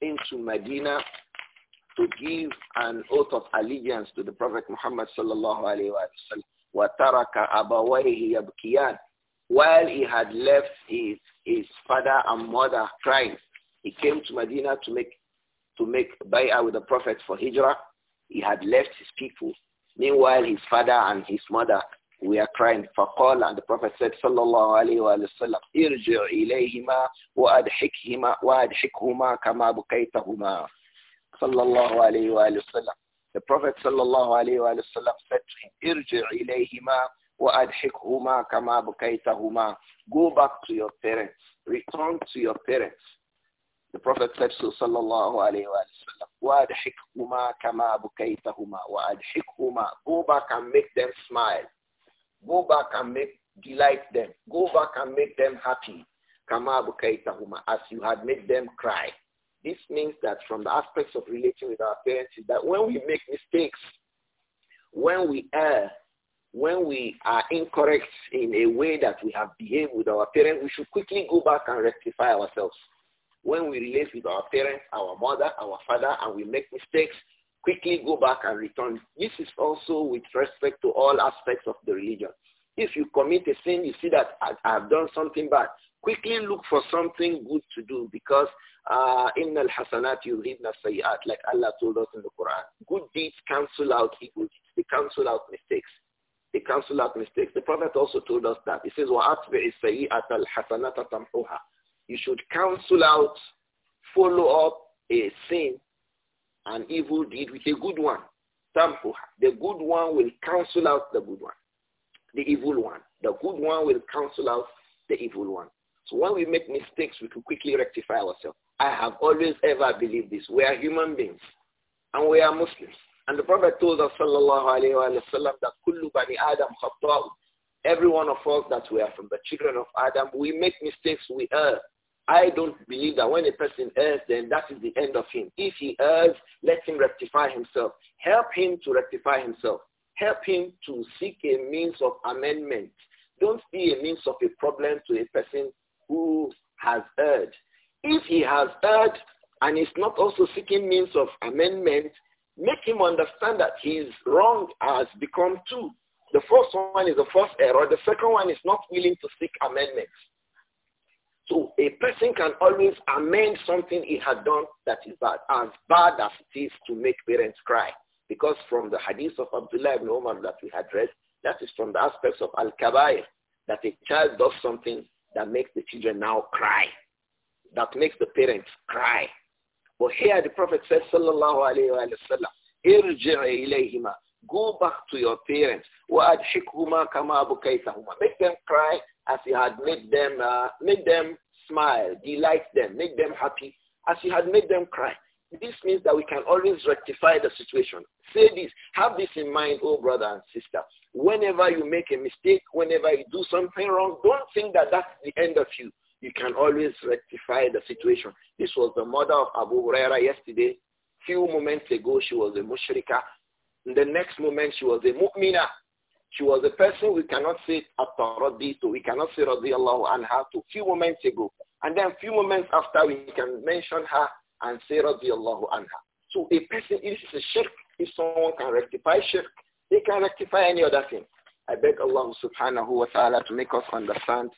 into Medina to give an oath of allegiance to the Prophet Muhammad sallallahu alayhi wa sallam. وَتَرَكَ أَبَوَيْهِ يَبْكِيَانِ While he had left his his father and mother crying. He came to Medina to make to make bay'ah with the Prophet for hijrah. He had left his people. Meanwhile, his father and his mother were crying for call and the Prophet said sallallahu alayhi wa sallam irji ilayhima wa adhikhima wa adhikhuma kama bukaytahuma sallallahu alayhi wa sallam the Prophet sallallahu alayhi wa sallam said to him irji ilayhima Go back to your parents. Return to your parents. The Prophet said so, sallallahu alayhi wa sallam, Go back and make them smile. Go back and make delight them. Go back and make them happy. As you had made them cry. This means that from the aspects of relating with our parents is that when we make mistakes, when we err, when we are incorrect in a way that we have behaved with our parents, we should quickly go back and rectify ourselves. When we relate with our parents, our mother, our father, and we make mistakes, quickly go back and return. This is also with respect to all aspects of the religion. If you commit a sin, you see that I, have done something bad. Quickly look for something good to do because uh, in al hasanat yudhibna sayyat, like Allah told us in the Quran. Good deeds cancel out evil deeds. They cancel out mistakes. The counsel out mistakes. The Prophet also told us that. He says, at السَّيِّئَةَ الْحَسَنَةَ تَمْحُهَا You should cancel out, follow up a sin, an evil deed with a good one. Tampuha. The good one will cancel out the good one, the evil one. The good one will cancel out the evil one. So when we make mistakes, we can quickly rectify ourselves. I have always ever believed this. We are human beings and we are Muslims. And the Prophet told us, sallallahu alayhi wa sallam, that kullu bani Adam khatau. Every one of us that we are from the children of Adam, we make mistakes, we err. I don't believe that when a person errs, then that is the end of him. If he errs, let him rectify himself. Help him to rectify himself. Help him to seek a means of amendment. Don't be a means of a problem to a person who has erred. If he has erred and is not also seeking means of amendment, Make him understand that his wrong has become two. The first one is the first error. The second one is not willing to seek amendments. So a person can always amend something he had done that is bad, as bad as it is to make parents cry. Because from the hadith of Abdullah ibn Umar that we had read, that is from the aspects of al-kabair, that a child does something that makes the children now cry, that makes the parents cry. But here the Prophet says, sallallahu alayhi wa sallam, Go back to your parents. وَأَدْحِكْهُمَا كَمَا Make them cry as you had made them, uh, make them smile, delight them, make them happy as you had made them cry. This means that we can always rectify the situation. Say this, have this in mind, oh brother and sister. Whenever you make a mistake, whenever you do something wrong, don't think that that's the end of you. You can always rectify the situation. This was the mother of Abu Huraira yesterday. Few moments ago, she was a mushrika. In the next moment, she was a mu'mina. She was a person we cannot say after taradi to. We cannot say radiallahu anha to. Few moments ago. And then few moments after, we can mention her and say radiallahu anha. So a person, is a shirk, if someone can rectify shirk, they can rectify any other thing. I beg Allah subhanahu wa ta'ala to make us understand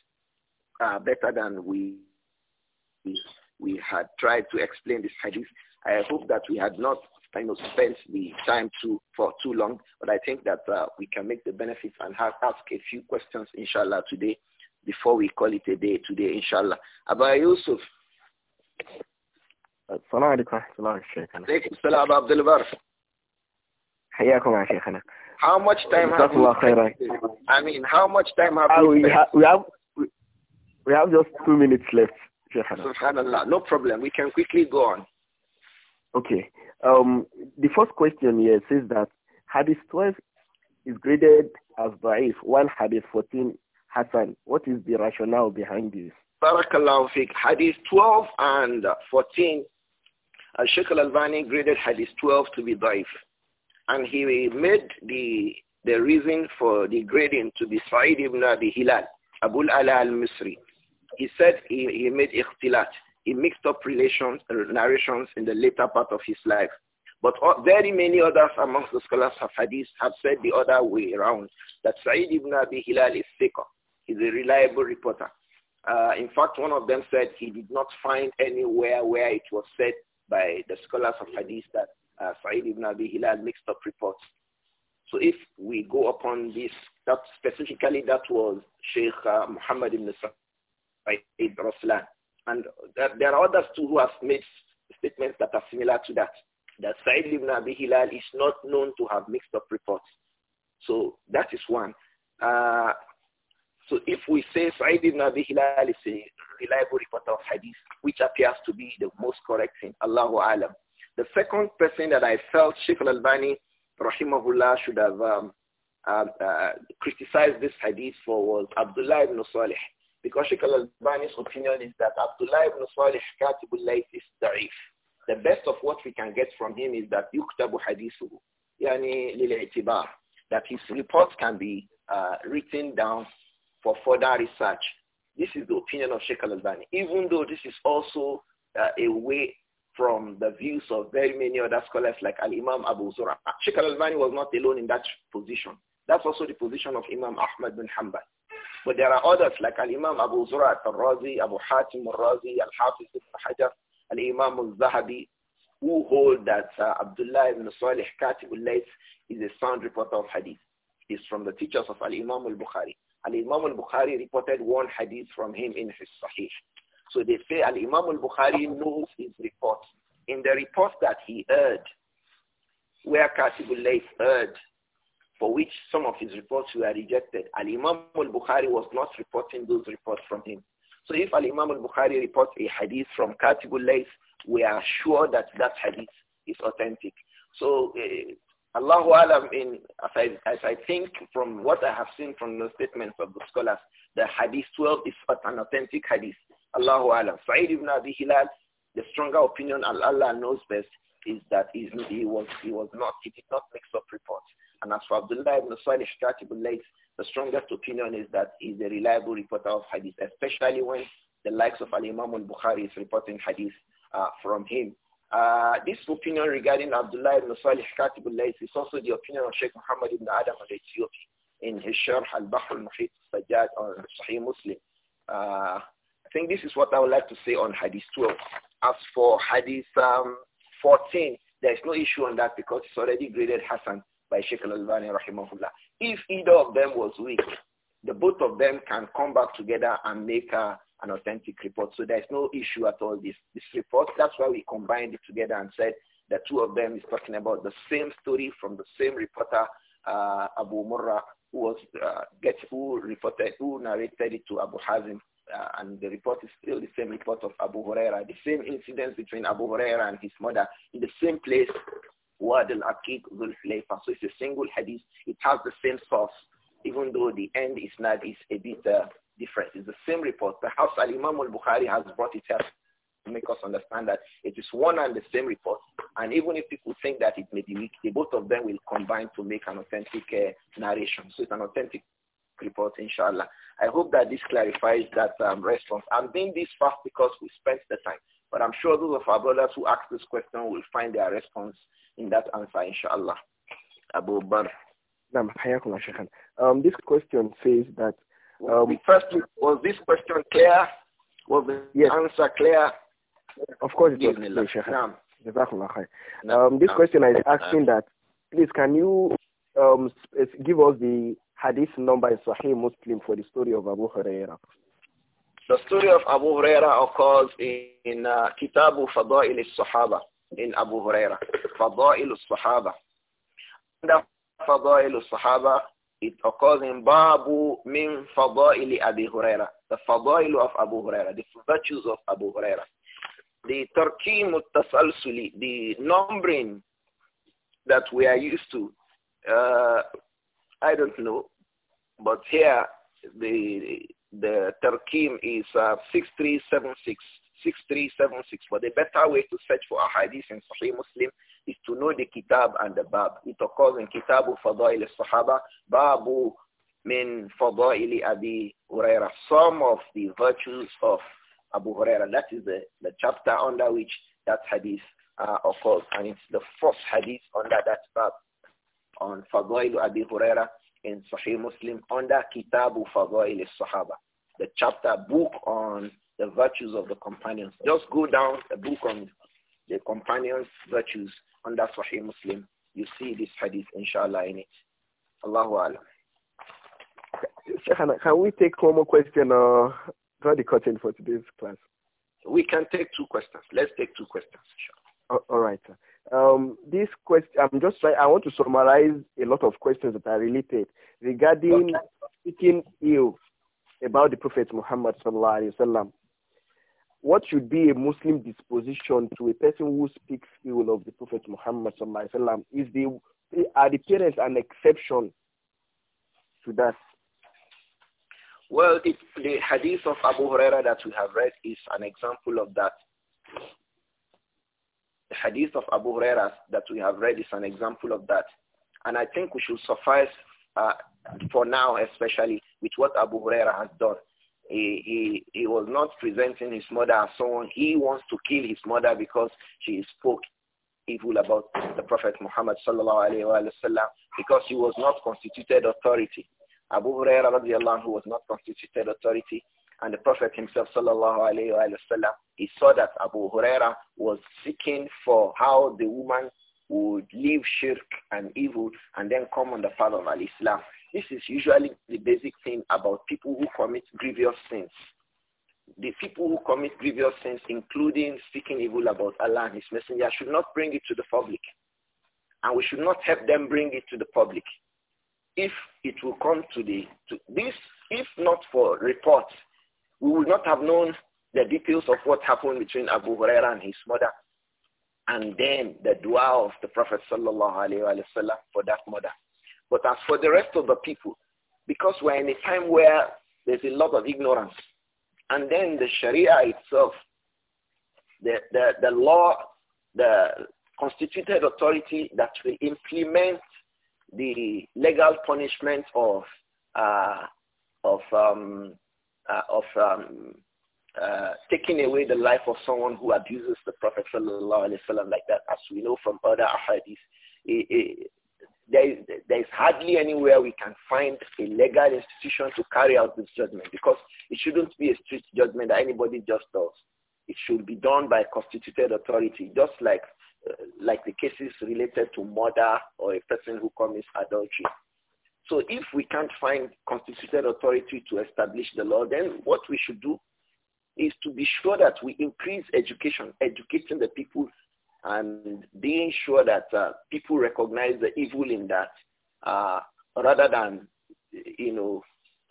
uh, better than we we had tried to explain this hadith. I hope that we had not you know spent the time too for too long, but I think that uh, we can make the benefits and have, ask a few questions, inshallah, today before we call it a day today, inshallah. Abba Yusuf. السلام alaikum. ورحمة alaikum. وبركاته. عليكم السلام أبا عبد البر. حياكم يا شيخنا. How much time have we? I mean, how much time have we? Uh, we have we have just two minutes left. Subhanallah, no problem. We can quickly go on. Okay. Um, the first question here says that Hadith 12 is graded as Da'if, while Hadith 14 Hassan. What is the rationale behind this? Barakallahu fiqh. Hadith 12 and 14, uh, Sheikh al-Albani graded Hadith 12 to be Da'if. And he made the, the reason for the grading to be Sa'id ibn Abi Hilal, Abu al-Ala al-Misri. He said he, he made ikhtilat. He mixed up relations, narrations in the later part of his life. But very many others amongst the scholars of hadith have said the other way around, that Sa'id ibn Abi Hilal is thicker. He's a reliable reporter. Uh, in fact, one of them said he did not find anywhere where it was said by the scholars of hadith that uh, Sa'id ibn Abi Hilal mixed up reports. So if we go upon this, that specifically that was Sheikh uh, Muhammad ibn Sa'id by Ibn And there are others too who have made statements that are similar to that. That Sa'id ibn Abi Hilal is not known to have mixed up reports. So that is one. Uh, so if we say Sa'id ibn Abi Hilal is a reliable reporter of hadith, which appears to be the most correct thing, Allahu Alam. The second person that I felt Sheikh al-Albani, rahimahullah, should have um, uh, uh, criticized this hadith for was Abdullah ibn Salih. Because Sheikh al-Albani's opinion is that Abdullah ibn Salih Katib al-Layth is da'if. The best of what we can get from him is that yuktabu hadithuhu, yani lil that his reports can be uh, written down for further research. This is the opinion of Sheikh al-Albani, even though this is also uh, away from the views of very many other scholars like Al-Imam Abu Zura. Sheikh al-Albani was not alone in that position. That's also the position of Imam Ahmad bin Hanbal. But there are others like Al-Imam Abu Zurat al-Razi, Abu Hatim al-Razi, Al-Hafiz al-Hajar, Al-Imam al-Zahabi, who hold that uh, Abdullah ibn Salih al-Layth is a sound reporter of hadith. He's from the teachers of Al-Imam al-Bukhari. Al-Imam al-Bukhari reported one hadith from him in his Sahih. So they say Al-Imam al-Bukhari knows his report. In the report that he heard, where Katib al-Layth heard for which some of his reports were rejected. Al-Imam al-Bukhari was not reporting those reports from him. So if Al-Imam al-Bukhari reports a hadith from Katibul Layth, we are sure that that hadith is authentic. So uh, Allahu Alam, in, as, I, as I think from what I have seen from the statements of the scholars, the hadith 12 is an authentic hadith. Allahu Alam. Sa'id ibn Abi Hilal, the stronger opinion Allah knows best is that he was, he was not, he did not mix up reports. And as for Abdullah ibn Salih Katibul Layth, the strongest opinion is that he's a reliable reporter of hadith, especially when the likes of Al-Imam al-Bukhari is reporting hadith uh, from him. Uh, this opinion regarding Abdullah ibn Salih Katibul Layth is also the opinion of Sheikh Muhammad ibn Adam al Ethiopia in his Sharh al-Bahr al-Muhit Sajjad on Sahih Muslim. Uh, I think this is what I would like to say on Hadith 12. As for Hadith um, 14, there is no issue on that because it's already graded Hassan by Sheikh Al-Albani rahimahullah. If either of them was weak, the both of them can come back together and make a, an authentic report. So there's no issue at all this, this report. That's why we combined it together and said the two of them is talking about the same story from the same reporter, uh, Abu Murrah, who was uh, get, who reported, who narrated it to Abu Hazim. Uh, and the report is still the same report of Abu Huraira, the same incidents between Abu Huraira and his mother in the same place Wad al-Aqiq Zulflayfa. So it's a single hadith. It has the same source, even though the end is not is a bit uh, different. It's the same report. Perhaps Al-Imam al-Bukhari has brought it up to make us understand that it is one and the same report. And even if people think that it may be weak, the both of them will combine to make an authentic uh, narration. So it's an authentic report, inshallah. I hope that this clarifies that um, response. I'm doing this fast because we spent the time. But I'm sure those of our brothers who asked this question will find their response in that answer, inshallah. Abu Bar. Um, this question says that... Um, first, was this question clear? Was the yes. answer clear? Of course it was clear, Um, this question is asking that, please can you um, give us the hadith number in Sahih Muslim for the story of Abu Huraira? The story of Abu Huraira occurs in, in uh, Kitabu Fadail al-Sahaba in Abu Huraira. Fadail The Fadail it occurs in Babu min Fadail Abi Huraira. The Fadail of Abu Huraira, the virtues of Abu Huraira. The Turki the numbering that we are used to, uh, I don't know, but here the the Turkim is uh, 6376. 6376. But the better way to search for a hadith in Sahih Muslim is to know the kitab and the bab. It occurs in Kitab Fadail al-Sahaba, Babu min Fadail Abi Huraira, some of the virtues of Abu Huraira. That is the, the chapter under which that hadith uh, occurs. And it's the first hadith under that bab on Fadail Abi Huraira in Sahih Muslim under Kitabu Fadail al-Sahaba, the chapter book on the virtues of the companions. Just go down the book on the companions' virtues under Sahih Muslim. You see this hadith, inshallah, in it. Allahu Alam. can we take one more question or draw the curtain for today's class? We can take two questions. Let's take two questions. Sure. Uh, all right. Um, this question, I'm just trying, I want to summarize a lot of questions that are related regarding speaking ill about the Prophet Muhammad sallallahu alaihi wasallam what should be a Muslim disposition to a person who speaks ill of the Prophet Muhammad sallam, is the are the parents an exception to that? Well, it, the hadith of Abu Huraira that we have read is an example of that. The hadith of Abu Huraira that we have read is an example of that. And I think we should suffice uh, for now, especially with what Abu Huraira has done he, he, he was not presenting his mother as someone he wants to kill his mother because she spoke evil about the Prophet Muhammad sallallahu alayhi wa because he was not constituted authority. Abu Huraira radiallahu anhu was not constituted authority and the Prophet himself sallallahu alayhi wa he saw that Abu Huraira was seeking for how the woman would leave shirk and evil and then come on the path of al-Islam. This is usually the basic thing about people who commit grievous sins. The people who commit grievous sins, including speaking evil about Allah and His Messenger, should not bring it to the public. And we should not help them bring it to the public. If it will come to the, to this, if not for reports, we would not have known the details of what happened between Abu Huraira and his mother. And then the dua of the Prophet Sallallahu wa sallam for that mother but as for the rest of the people, because we're in a time where there's a lot of ignorance, and then the Sharia itself, the, the, the law, the constituted authority that will implement the legal punishment of uh, of um, uh, of um, uh, taking away the life of someone who abuses the Prophet sallallahu alaihi wasallam like that, as we know from other hadiths, there is, there is hardly anywhere we can find a legal institution to carry out this judgment because it shouldn't be a strict judgment that anybody just does. It should be done by constituted authority, just like uh, like the cases related to murder or a person who commits adultery. So if we can't find constituted authority to establish the law, then what we should do is to be sure that we increase education, educating the people and being sure that uh, people recognize the evil in that uh, rather than, you know,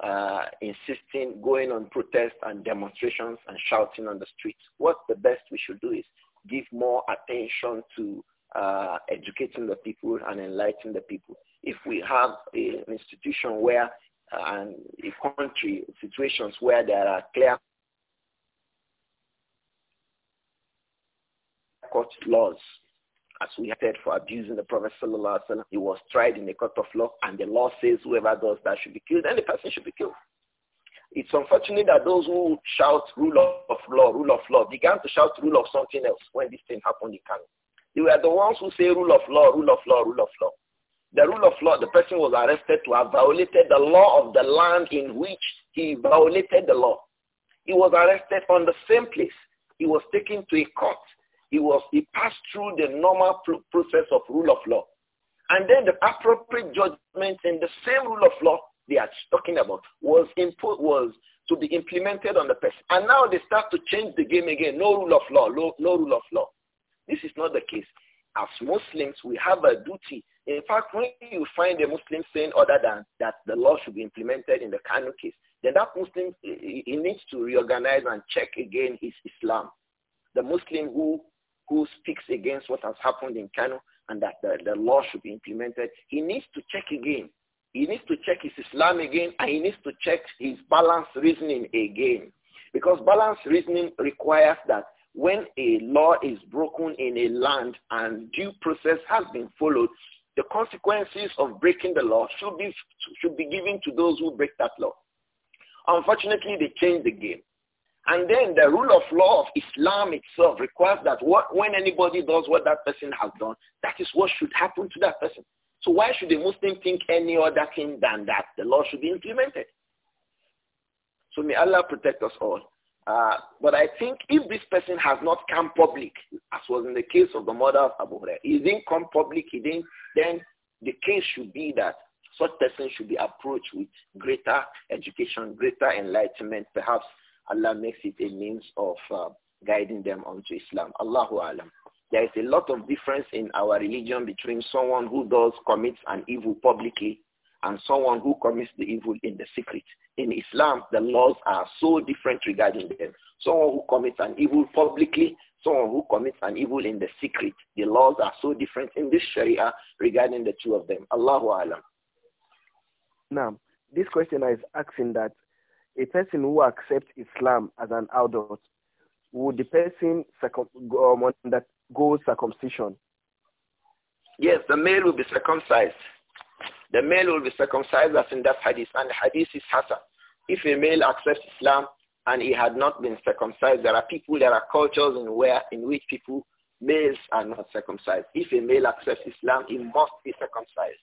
uh, insisting, going on protests and demonstrations and shouting on the streets. What the best we should do is give more attention to uh, educating the people and enlightening the people. If we have a, an institution where uh, and a country situations where there are clear Court laws. As we said for abusing the Prophet sallallahu alaihi wasallam, he was tried in the court of law, and the law says whoever does that should be killed, and the person should be killed. It's unfortunate that those who shout rule of law, rule of law, began to shout rule of something else when this thing happened in Kano. They were the ones who say rule of law, rule of law, rule of law. The rule of law, the person was arrested to have violated the law of the land in which he violated the law. He was arrested on the same place. He was taken to a court he was he passed through the normal process of rule of law. And then the appropriate judgment in the same rule of law they are talking about was input was to be implemented on the person. And now they start to change the game again. No rule of law, no, no rule of law. This is not the case. As Muslims, we have a duty. In fact, when you find a Muslim saying other than that the law should be implemented in the Kanu case, then that Muslim, he needs to reorganize and check again his Islam. The Muslim who who speaks against what has happened in Kano and that the, the law should be implemented, he needs to check again. He needs to check his Islam again and he needs to check his balanced reasoning again. Because balanced reasoning requires that when a law is broken in a land and due process has been followed, the consequences of breaking the law should be, should be given to those who break that law. Unfortunately, they changed the game. And then the rule of law of Islam itself requires that what, when anybody does what that person has done, that is what should happen to that person. So why should a Muslim think any other thing than that the law should be implemented? So may Allah protect us all. Uh, but I think if this person has not come public, as was in the case of the mother of Abu Hurairah, he didn't come public, he didn't, then the case should be that such person should be approached with greater education, greater enlightenment, perhaps Allah makes it a means of uh, guiding them onto Islam. Allahu Alam. There is a lot of difference in our religion between someone who does commits an evil publicly and someone who commits the evil in the secret. In Islam, the laws are so different regarding them. Someone who commits an evil publicly, someone who commits an evil in the secret. The laws are so different in this Sharia regarding the two of them. Allahu Alam. Now, this questioner is asking that a person who accepts Islam as an adult, would the person um, that goes circumcision? Yes, the male will be circumcised. The male will be circumcised as in that hadith, and the hadith is Hassan. If a male accepts Islam and he had not been circumcised, there are people, there are cultures in where in which people males are not circumcised. If a male accepts Islam, he must be circumcised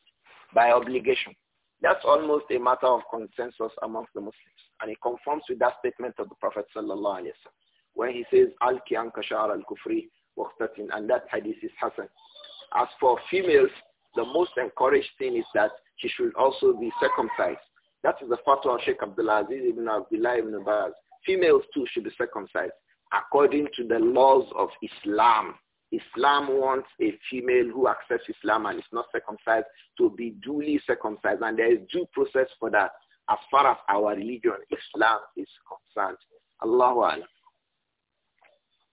by obligation. That's almost a matter of consensus amongst the Muslims. And it conforms with that statement of the Prophet sallallahu when he says, Al-Ki al-Kufri waqtatin, and that hadith is Hassan. As for females, the most encouraged thing is that she should also be circumcised. That is the fatwa of Sheikh Aziz ibn Abdullah ibn Baz. Females too should be circumcised according to the laws of Islam. Islam wants a female who accepts Islam and is not circumcised to be duly circumcised. And there is due process for that as far as our religion, Islam, is concerned. Allahu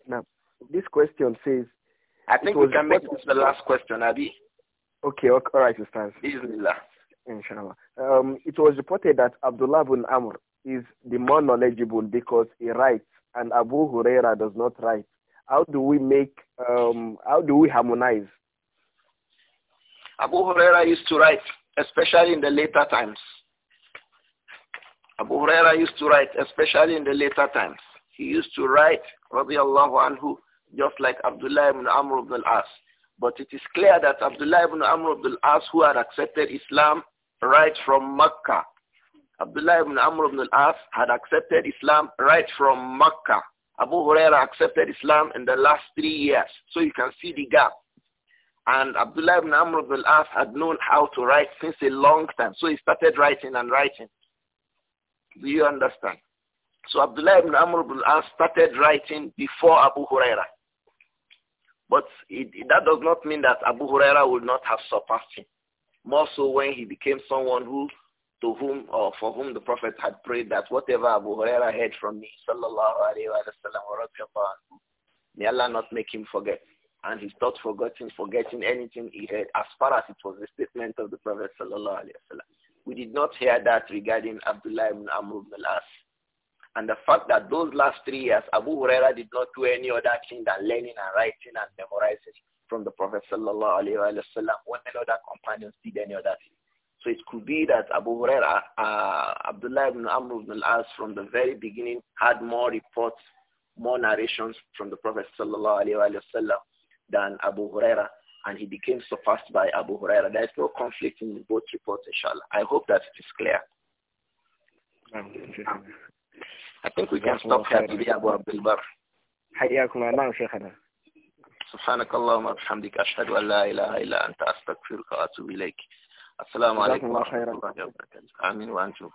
Now, this question says... I think we can make this the last question, Abi. Okay, okay all right, Ustaz. Bismillah. Inshallah. Um, it was reported that Abdullah bin Amr is the more knowledgeable because he writes and Abu Huraira does not write. How do we make, um, how do we harmonize? Abu Huraira used to write, especially in the later times. Abu Huraira used to write, especially in the later times. He used to write, radiallahu anhu, just like Abdullah ibn Amr ibn al-As. But it is clear that Abdullah ibn Amr ibn al-As, who had accepted Islam right from Mecca, Abdullah ibn Amr ibn al-As had accepted Islam right from Mecca. Abu Huraira accepted Islam in the last three years. So you can see the gap. And Abdullah ibn Amr ibn al-As had known how to write since a long time. So he started writing and writing. Do you understand? So Abdullah ibn Amr ibn al started writing before Abu Huraira. But it, that does not mean that Abu Huraira would not have surpassed him. More so when he became someone who, to whom or for whom the Prophet had prayed that whatever Abu Huraira heard from me, sallallahu alayhi wa may Allah not make him forget. And he's not forgetting, forgetting anything he heard as far as it was the statement of the Prophet sallallahu alayhi wa we did not hear that regarding Abdullah ibn Amr ibn al-As. And the fact that those last three years, Abu Huraira did not do any other thing than learning and writing and memorizing from the Prophet sallallahu alaihi wasallam. when none other companions did any other thing. So it could be that Abu Huraira, uh, Abdullah ibn Amr ibn al-As from the very beginning had more reports, more narrations from the Prophet sallallahu alaihi wasallam than Abu Huraira and he became surpassed by Abu Huraira. There is no conflict in both reports, inshallah. I hope that it is clear. I think we can stop here Abu سبحانك اللهم وبحمدك أشهد أن لا إله إلا أنت أستغفرك وأتوب إليك السلام عليكم ورحمة الله وبركاته آمين وأنتم